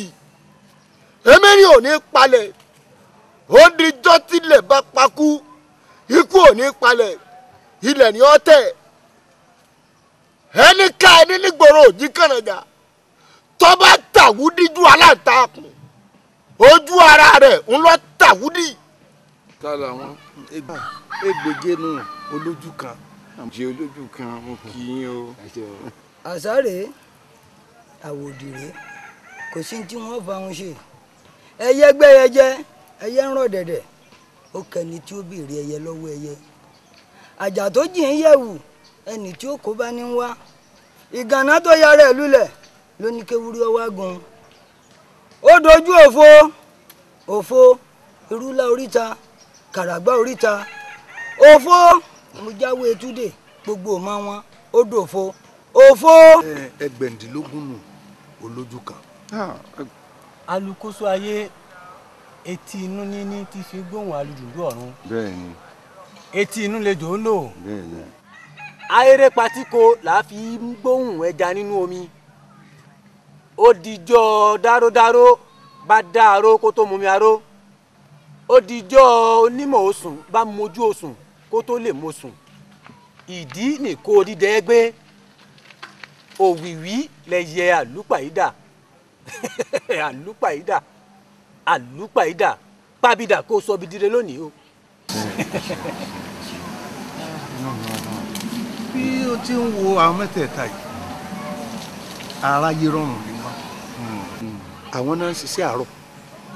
emeri ò ní palẹ̀ ó dijọ́ tilẹ̀ bá pakú ikú ò ní palẹ̀ ilẹ̀ ni ọ́ tẹ̀ ẹni ká ẹni nígboro òjì kànáńgà tọ́ba tàwùdí ju aláǹtakùn ojú ara rẹ̀ ńlọ tàwùdí. ká làwọn egbèje nù olójú kan jẹ olójú kan mo kì í yín o. àṣà rèé kò sí tí wọ́n fa wọn ṣe ẹyẹ gbẹ́yẹjẹ ẹyẹ ń rọ̀ dẹ̀dẹ̀ ó kẹni tí ó béèrè ẹyẹ lọ́wọ́ ẹyẹ àjà tó jì ń yẹ̀wù ẹni tí ó kó bá ní wá ìgànná tó yára ẹ̀ lulẹ̀ ló ní kéwúrú ọwá gun ó dojú òfo òfo irúlá oríta kàràgbá oríta òfo mo jáwé túdè gbogbo ọmọ wọn ó dòfo òfo. ẹgbẹ̀ndínlógún nù olójú kan Ah, alukoso ayé etí inú níní ti fi gbóhùn alùdùdú ọ̀run. bẹ́ẹ̀ni. etí inú lejò ń lò. bẹ́ẹ̀ni. ayére patiko là á fi ń gbóhùn ẹja nínú omi. ó dijọ́ dáródáró bá dá aró kó tó mumi aró. ó dijọ́ onímọ̀ osùn bá mojú osùn kó tó lè mosùn. ìdí nìkó dídẹ́ gbé òwìwí lẹ yẹ àlùpàyídà. (laughs) àlùpàídà àlùpàídà pàbídà kó sọ bí dire lónìí o. bí o ti ń wo àwọn mẹ́tẹ̀ẹ̀ta yìí aráyé rọrùn ni wọ́n. àwọn náà ń ṣiṣẹ́ àárọ̀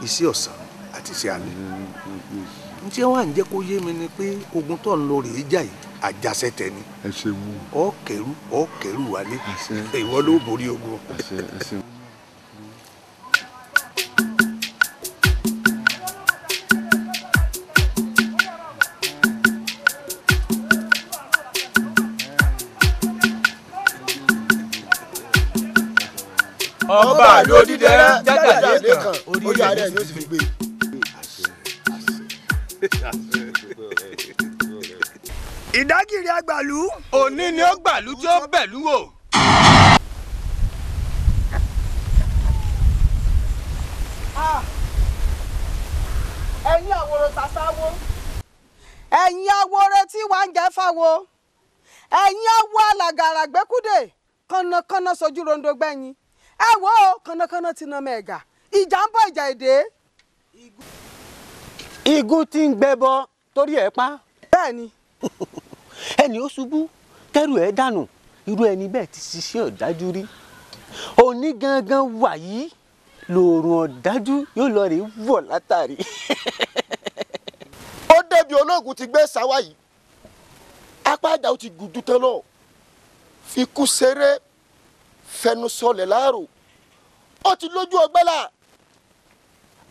iṣẹ́ ọ̀sán àti iṣẹ́ alẹ́. n tí wọ́n à ń jẹ́ kó yé mi ni pé ogun tó ń lọ rèé jà yìí àjàṣẹ tẹ ni. ẹ wálé ìwọ ló borí ogun. ọba àlọ́ dídẹ́rẹ́ jágàdá lẹ́kàn orí ààrẹ ni ó sì fi gbé. ìdágìrì àgbàlú. òní ni ó gbàlú tí ó bẹ̀lú ah! wò. ẹ̀yin àwòrán tí wàá ń jẹ́ fáwo. ẹ̀yin awo alàgàràgbẹ́kúdè kànnàkànnà sojú rondo gbẹ̀yìn ẹ wo kànnàkànnà ti nà mẹ́ẹ̀gà ìjà ń bọ̀ ìjà èdè. igun tí ń gbẹbọ torí ẹ pa. bẹ́ẹ̀ ni. (laughs) ẹni ó ṣubú kẹrù ẹ dànù irú ẹni bẹ́ẹ̀ ti ṣiṣẹ́ ọ̀dájú rí òní gangan wàyí lòrùn ọ̀dájú yóò lọ rè wọ̀ látàrí. (laughs) ó débi ológun ti gbé sáwá yìí apá àjà ó ti gùdú tán lọ fi kú ṣeré fẹnusọlẹ̀ láàrò ó ti lójú ọgbẹ́ la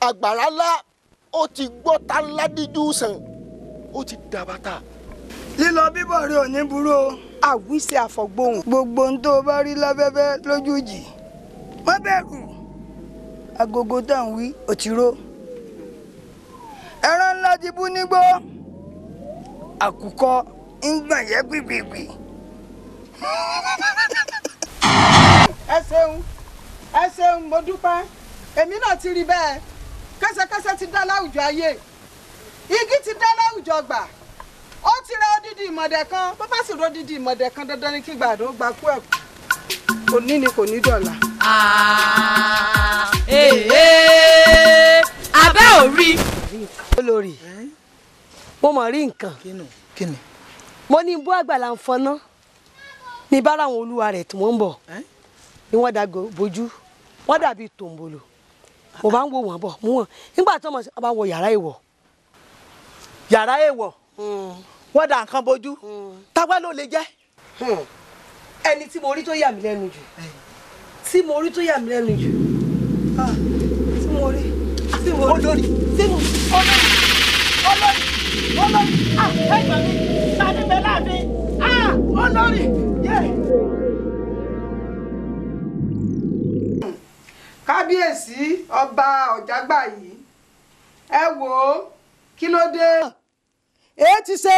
àgbàrá ńlá ó ti gbọ́ta ńlá díjú sàn ó ti dàbàtà. lílọ bíbọ̀ rẹ ò ní burú o. àwísí àfọ̀gbóhùn gbogbo ohun tó o bá rí lábẹ́bẹ́ lójú jì bẹ̀rù agogo tá à ń wí òtíró ẹran ńlá ti bú nígbó àkùkọ ń gbọ̀n yẹ́ gbìgbìgbì. (laughs) ẹ ṣeun ẹ ṣeun mo dúpẹ́ èmi náà ti rí bẹ́ẹ̀ kẹsẹkẹsẹ ti dá láwùjọ ayé igi ti dá láwùjọ gbà ó ti rẹ odidi ìmọ̀dẹ̀ kan bó bá sì rẹ odidi ìmọ̀dẹ̀ kan dandan ni kí gbàdó gba kú ẹ̀ kò ní ni kò ní dọ̀là. Ah, eh, eh. abẹ́ ò rí. olórí mo mọ̀ rí nǹkan mo ní bó àgbàlá ń fọná ní bára àwọn olúwa rẹ̀ tí wọ́n ń bọ̀ ni wọ́n dàgbò bójú wọ́n dàbí tòǹbòlò mo bá ń wo wọn bọ̀ mú wọn nígbà tí wọ́n bá wọ yàrá èèwọ̀. yàrá èèwọ̀ hmm. wọ́n dà nǹkan bójú hmm. táwa ló lè jẹ́ hmm. ẹni tí mo rí tó yà mí lẹ́nu jù tí mo rí tó yà mí lẹ́nu jù ah, tí mo rí tí mo rí olórí tí mo olórí olórí olórí ah ẹgbẹ́ mi sani bẹ́ẹ̀ láàbí ah olórí yẹ́ẹ̀. kábíyèsí ọba ọ̀jágbà yìí ẹ wò ó kí ló dé. èé ti ṣe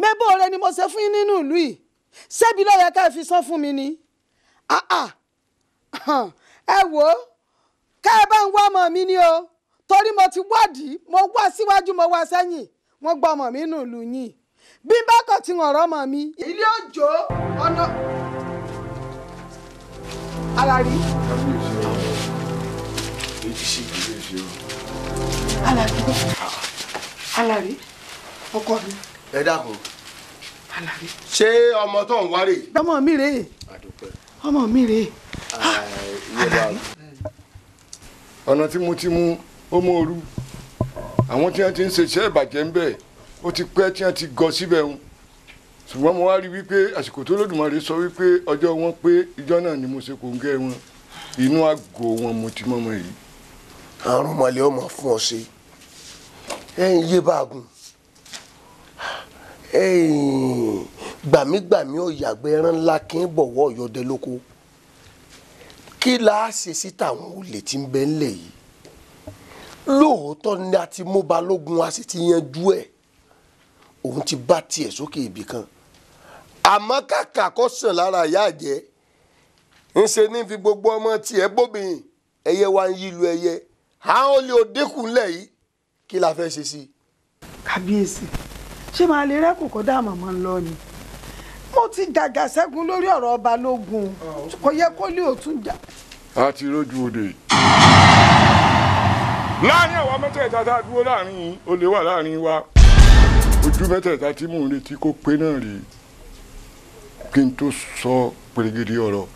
mẹ́bọ̀ rẹ ni mo ṣe fún yín nínú ìlú yìí ṣebí ló yẹ ká fi san fún mi ni ah, ah. ẹ wò ó ká ẹ bá ń wá ọmọ mi ni o torí mo ti wádìí mo wá síwájú mo wá sẹ́yìn wọ́n gba ọmọ mi nù lù yín bí bá kàn ti hàn rọ́mọ mi. ilé òjò ọ̀nà. ara ló ti ṣe. Àlàbí Àlàbí ọkọ mi. ẹ dákun. Àlàbí. ṣé ọmọ tó ń wárè. ọmọ mi rèé ọmọ mi rèé. Àlàbí. ọ̀nà tí mo ti mú ọmọ òru àwọn tí wọ́n ti ń ṣiṣẹ́ ìbàjẹ́ ń bẹ̀ ó ti pẹ́ tí wọ́n ti gọ síbẹ̀ ń ṣùgbọ́n mo wá rí wípé àsìkò tó lódùmarè sọ wípé ọjọ́ wọn pé ìjọ náà ni mo ṣe kò ń gẹ́ wọn inú àgọ́ wọn mo ti mọ́mọ́ yìí àrùn mọ̀lẹ́ ọmọ fún ọ ṣe ẹ̀yìn yé báàgùn gbàmígbàmí ọ̀yàgbẹ́ ẹran ńlá kí n bọ̀wọ́ ọ̀yọ́dẹ lóko kí la ṣe sí tàwọn olè tí ń bẹ ńlẹ̀ yìí lóòótọ́ ni a ti mú balógun a sì ti yanjú ẹ̀ òun ti bá tiẹ̀ sókè ibì kan àmọ́ kàkà kó sàn lára ìyá àjẹ́ ńṣe ní fi gbogbo ọmọ tiẹ̀ bóbìnrin ẹyẹ wa ń yí lu ẹyẹ àwọn olè òdekù ńlẹ̀ yìí kí la fẹ́ ṣe sí i. kábíyèsí ṣé màá lè rẹ́kùn kó dá màmá ń lọ ni mo ti dàgà sẹ́gun lórí ọ̀rọ̀ ọba lógun kò yẹ kó lè òtún jà. a ti rójú òde láàrin àwa mẹ́tẹ̀ẹ̀ta tá a dúró láàrin yìí ó lè wà láàrin wa ojú mẹ́tẹ̀ẹ̀ta tí mò ń retí kó pé náà rèé kí n tó sọ pèrègèdè ọ̀rọ̀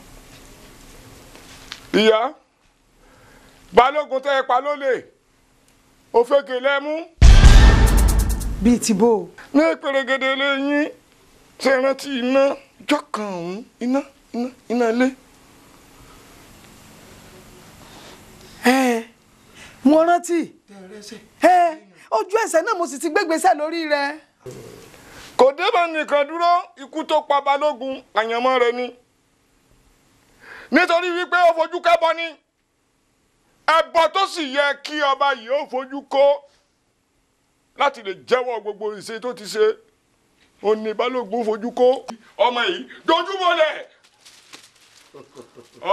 ìyá balógun tẹ́ ẹ pa lólè òfegè lẹ́mú. bíi ti bó o. ní ìpèrègèdè lẹ́yìn ṣe rántí iná ìjọ kan ọ̀hún iná iná iná lé. ẹ mo rántí ẹ ojú ẹsẹ̀ náà mo sì ti gbégbèsè lórí rẹ̀. kò débà nìkan dúró ikú tó pa balógun àyànmọ́ rẹ̀ ni nítorí wípé ó fojú kábọ́ ni ẹbọ tó sì yẹ kí ọba yìí ó fojú kó láti lè jẹ́wọ́ gbogbo ìṣe tó ti ṣe ó ní balógun fojú kó ọmọ yìí dojúmọ́lẹ̀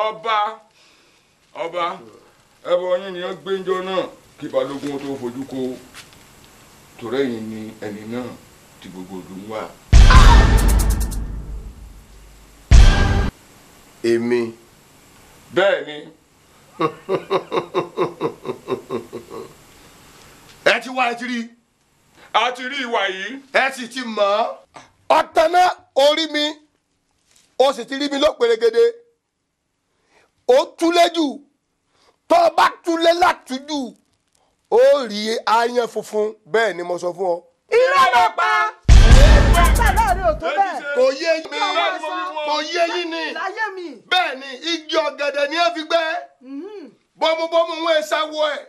ọba ọba ẹbọ yín ni wọ́n gbé njọ náà kí balógun tó fojú kó tòrẹ́yìn ni ẹni náà ti gbogbo ìlú wà. èmi. bẹ́ẹ̀ ni. (laughs) ẹ ti wá ẹ ti rí. a ti rí ìwà yìí. ẹ sì ti mọ̀ ọ́. ọ̀tánná orí mi o sì ti rí mi lọ́pẹ̀rẹ̀gẹ̀dẹ̀ o túlé jù tó o bá túlé látújù ó rí aáyán funfun bẹ́ẹ̀ ni mo sọ fún ọ. irọ́ ló ò tó bẹ́ẹ̀. kò yé yín ni kò yé yín ni bẹ́ẹ̀ ni igi ọ̀gẹ̀dẹ̀ ni ẹ fi gbẹ́ mm-hmm. bọ́mubọ́mu wọn ṣá sáwọ́ ẹ̀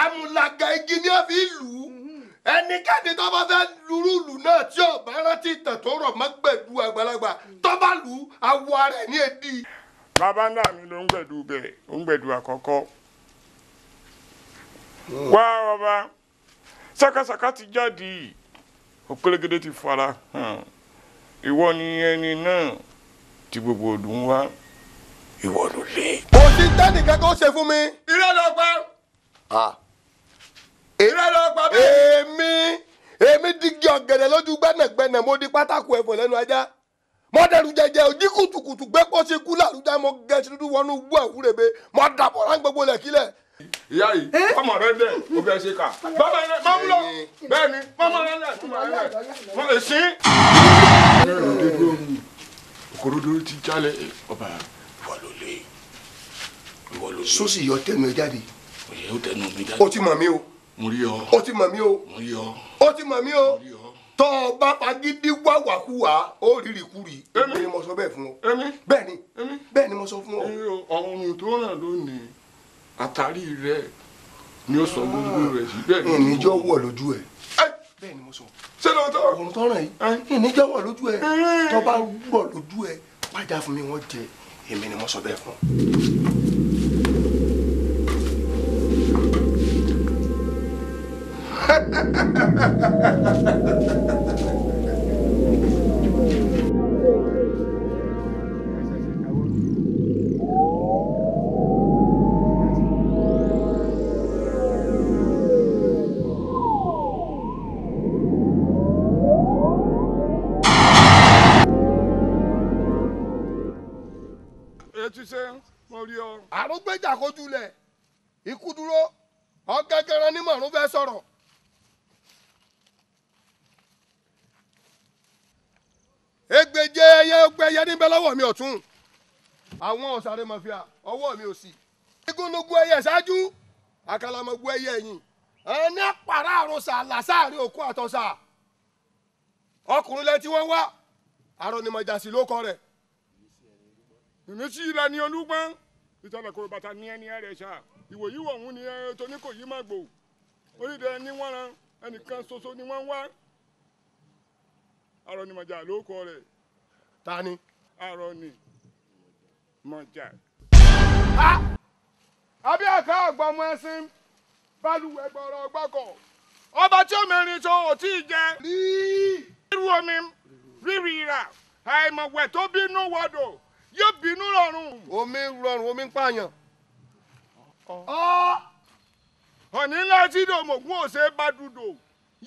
amúlaga igi ni ẹ fi lù ú mm-hmm. ẹnikẹ́ni tó bá fẹ́ lurú lù náà tí ò bá rántí ìtàn tó rọ̀ mọ́ àgbàlagbà tó bá lù ú awọ ara ẹ̀ ní èdè. bàbá ńlá mi ló ń gbẹ̀du bẹ́ẹ̀ ó ń gbẹ̀du àkọ́kọ́ wá ọba ṣàkàṣàkà ti jáde yìí. òkèlégédé ti fara hàn ìwọ ni ẹni náà ti gbogbo ọdún wá ìwọ ló lé. kò sí tẹ́nì kankan ṣe fún mi. irẹ́ lọ pa. irẹ́ lọ pa bẹ́ẹ̀. èmi èmi digi ọ̀gẹ̀dẹ̀ lójú gbẹ́nàgbẹ́nà mo di pátákó ẹ̀fọ́ lẹ́nu ajá mo dẹrù jẹjẹ ojú kùtùkùtù gbẹ́pọ̀ ṣe kú làrújá mo gẹ̀ẹ́sì dúdú wọnú gbọ́ àwúrẹ́bẹ mo dàbọ̀ rán gbogbo lẹ̀kílẹ̀ ìyá yìí eh? ọmọ rẹ dẹ o fẹ ṣe kà bàbá rẹ máa ń lọ bẹ́ẹ̀ ni mọmọ rẹ dẹ ọmọ rẹ dẹ wọn lè sí. òkòròdó ti jalè ọba ìwà ló lé ìwà ló lé. sọ́sì yọ tẹnu ẹ jáde. òye ó tẹnu mi jáde. o ti mọ̀ mí o. mo rí ọ. o ti mọ̀ mí o. mo rí ọ. o ti mọ̀ mí o. mo rí ọ tọ́ ọ bá pagídí wàwàkúwà ó rírì kúrì èmi ni mo sọ bẹ́ẹ̀ fún ọ. èmi bẹ́ẹ̀ ni bẹ́ẹ̀ ni mo sọ fún ọ. ọ̀run tó rà lónìí àtàrí rẹ ni ó sọ gbogbo rẹ sí bẹ́ẹ̀ ni. ìníjọ́ wọ̀ lójú ẹ̀. bẹ́ẹ̀ ni mo sọ. ṣé lóòótọ́. òun tọ́ràn yìí ìníjọ́ wọ̀ lójú ẹ̀ tó bá wọ̀ lójú ẹ̀ pàjá fún mi wọ́n jẹ èmi ni mo sọ bẹ́ẹ̀ fún. ha ha ha ha ha ha ha àrùngbẹ́jà kojú lẹ̀ ikú dúró ọ̀gẹ́gẹ́rẹ́ ní mọ̀rún fẹ́ sọ̀rọ̀. ègbèje ẹyẹ ọgbẹ ẹyẹ níbẹ̀ lọ́wọ́ mi ọ̀tún àwọn ọ̀sàrè mọ̀fíà ọwọ́ mi òsì. igúnnugún ẹyẹ ṣáájú àkàlàmọ̀gbọ̀ ẹyẹ ẹ̀yìn ẹni àpàrà àròsà làsáàrin òkú àtọ̀sà ọkùnrin lẹ tí wọ́n wá àrọ̀nìmọ̀jàsí ló kọ rẹ̀ ìmísí rẹ̀ ni olúgbọ́n. ìtàlẹ̀ kòrò bàtà ní ẹni ẹrẹ̀ ṣá ìwòyí wọ̀hún ni ètò ní kò yí má gbò onídẹ ẹni wọ́n ran ẹnìkan ṣoṣo ni wọ́n ń wá arọ ni mọ̀jà ló kọ rẹ̀. ta ni. arọ ni mọ̀jà. abíyàká àgbọ̀mọ ẹṣin balùwẹ̀ gbọ̀rọ̀ gbọ́kọ̀ ọba tí ó mẹ́rin tó ò tí ì jẹ. rí irú omi rírì àìmọ̀wẹ̀ tó bínú wọ́dọ̀. yóò bínú rọrùn. omi rọrùn omi ń pààyàn. ọ ọ̀nì ńlá tí dòmògùn òsè bá dùdò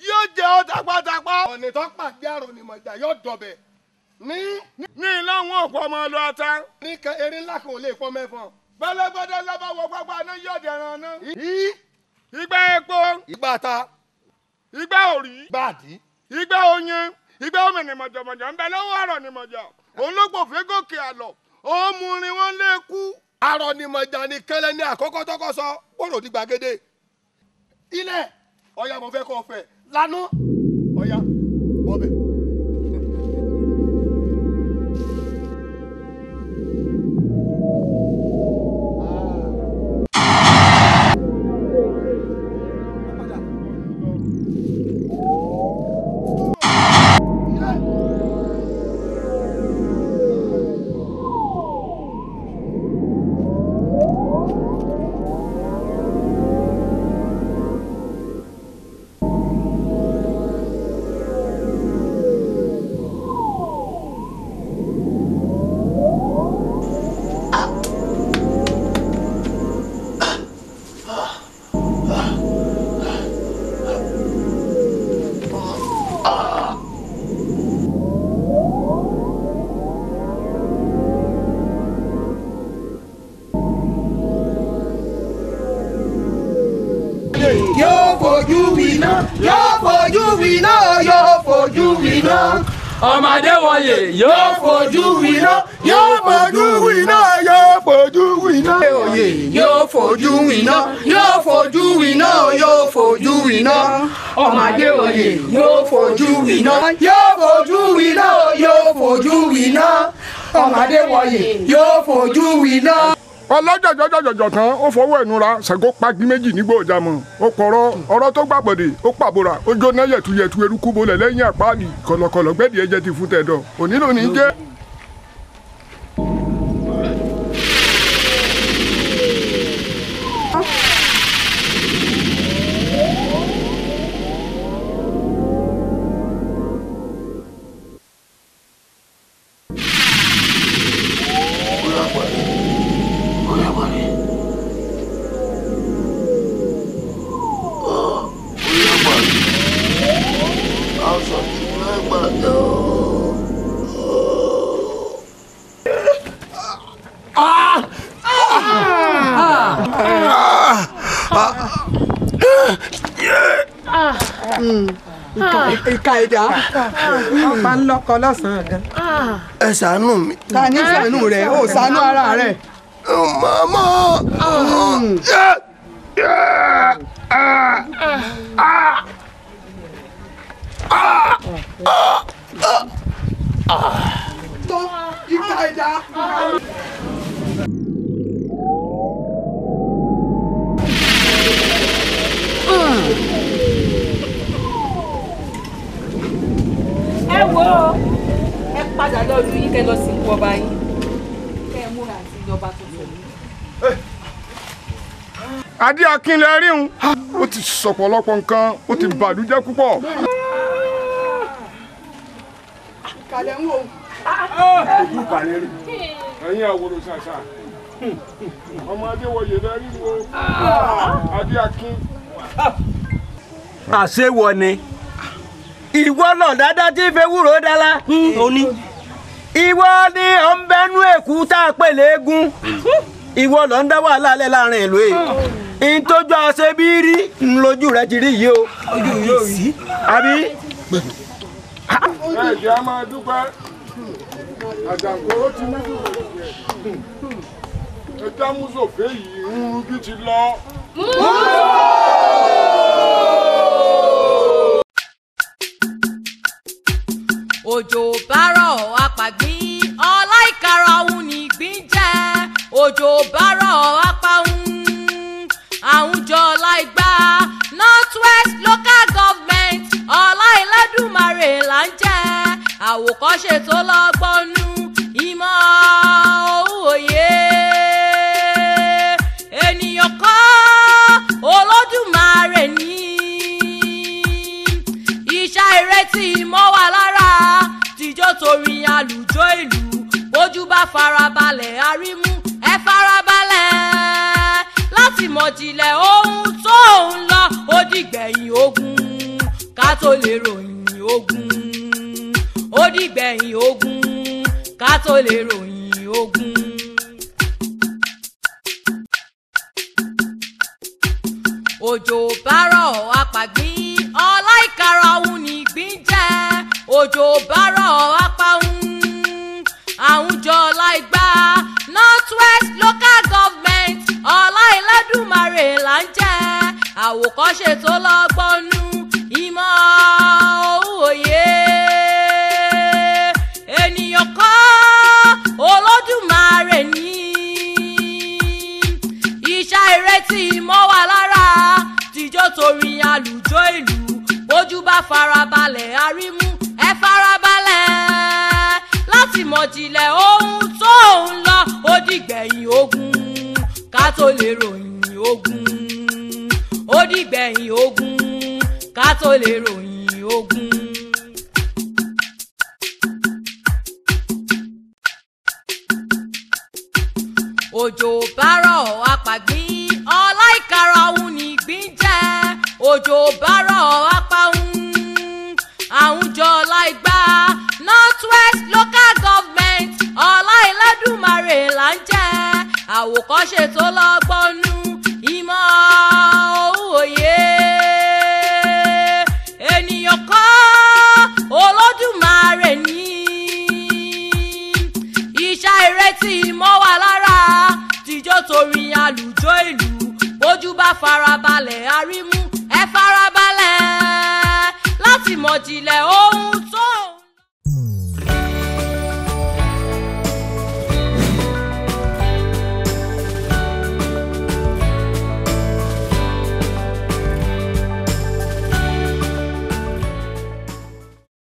yóò jẹ ọ tapatapa. ọ̀nì tó pàdé àrùn ìmọ̀jà yóò dọ̀bẹ̀ ní. ní ìlànà ọ̀pọ̀ ọmọ ọlọ́ ata. ní erin ńlá kan ò lè fọ́ mẹ́fọ́. bẹ́lẹ́gbẹ́dẹ́ lọ́ba wọ pápá náà yóò dẹ̀ràn náà. ìgbà epo. ìgbà ta. ìgbà òrì. ìgbà àdí. ìgbà oyin ìgbà omi nìmọ̀jọ̀mọ̀jọ̀ ń bẹ lọ́wọ́ ọ̀rọ̀ nìmọ̀jọ̀ òun ló pòfin gòkè àlọ́ ó mú rin wọn lékú. arọnimọ̀jà ni kẹlẹ́ ní àkọ́kọ́ tọ́kọ́ sọ gbọ́dọ̀ ní gbàgede ilẹ̀ ọ̀ya mo fẹ́ kọ́ fẹ́ lánàá ọ̀ya. ọmọdé wọ̀nyẹ yóò fojú winá yóò fojú winá yóò fojú winá òye yóò fojú winá yóò fojú winá yóò fojú winá ọmọdé wọ̀nyẹ yóò fojú winá yóò fojú winá yóò fojú winá ọmọdé wọ̀nyẹ yóò fojú winá ọlọ́jọ̀jọ̀jọ̀jọ̀ tán ó fọwọ́ ẹ̀nura ṣàgó pagi méjì nígbà ọjà mọ̀ ó pọ̀rọ̀ ọ̀rọ̀ tó gbàgbọ̀dẹ̀ ó pàbòrà ó jóná yẹ̀tuyẹ̀tu eruku bolẹ̀ lẹ́yìn àpáàlì kọ̀lọ̀kọ̀lọ̀ gbẹ̀dì ẹ̀jẹ̀ ti fún tẹ̀dọ̀ òní lónìí jẹ́. kọ lọ́sàn-án gan. ẹ ṣàánú mi. ta ní ṣàánú rẹ o ṣàánú ara rẹ. màmá. ẹ wo padà lọ lu yín lọ sí ikú ọba yín kẹ́ ẹ múra àti ìjọba tuntun yìí. adé akínlẹ̀ rí un ó ti sọ̀pọ̀lọpọ̀ nǹkan ó ti bàlújẹ́ púpọ̀. kàlẹ́ ń wò ẹ̀yin àwòrán ṣàṣà ọmọ adéwọyè lẹ rí wo adé akin. àṣewọ ni ìwọ náà dáadáa tí fẹ́ wúrò dára. ó ìwọ ni ò ń bẹnu èkú tá a pè léegun ìwọ ló ń dá wàhálà alẹ́ láàrin ìlú yìí ìtọ́jú àṣebírí ńlójú rẹ ti rí yìí o. ojú yóò rí. àbí. ẹ̀jẹ̀ a máa dúpẹ́ àjàǹkóró ti mú ẹja múzòfé yìí ń rúbí ti lọ. òjò bárọ̀ apàgbín ọlá ìkara òun nìgbín jẹ́ òjò bárọ̀ apàhùn àwùjọ láìgbà north west local government ọlá ìlẹ́dùnmarè là ń jẹ́ àwòkọ́ṣe tó lọ́gbọ́nú. farabalẹ̀ arímú ẹ farabalẹ̀ láti mọ̀ jìnlẹ̀ ohun tó ń lọ ó dìgbẹ̀yìn ogun ká tó lè ròyìn ogun ó dìgbẹ̀yìn ogun ká tó lè ròyìn ogun. òjò bárọ̀ apàgbín ọlá ìkarahun nìgbín jẹ́ òjò bárọ̀ apàgbín. àwòkọ́ṣe tó lọ́gbọ́nú ìmọ̀ òye ènìyàn kọ́ olódùmarè ní iṣẹ́ ìrètí ìmọ̀ wà lára tìjọ́ torí àlùjọ ìlú bójú bá farabalẹ̀ arímú ẹ farabalẹ̀ láti mọ̀ jìnlẹ̀ ohun tó ń lọ ó dìgbẹ̀yìn ogun ká tó lè ròyìn ogun dìgbẹ̀yìn ogun ká tó lè ròyìn ogun. òjò bárọ̀ apàgbín ọlá ìkara òun nìgbín jẹ́ òjò bárọ̀ apàhùn àwùjọ ọlá ìgbà northwest local government ọlá ìlẹ́dùnmarè là ń jẹ́ àwòkọ́ṣe tó lọ́gbọ́nú. farabalẹ̀ arímú ẹ farabalẹ̀ láti mọ̀ jìnlẹ̀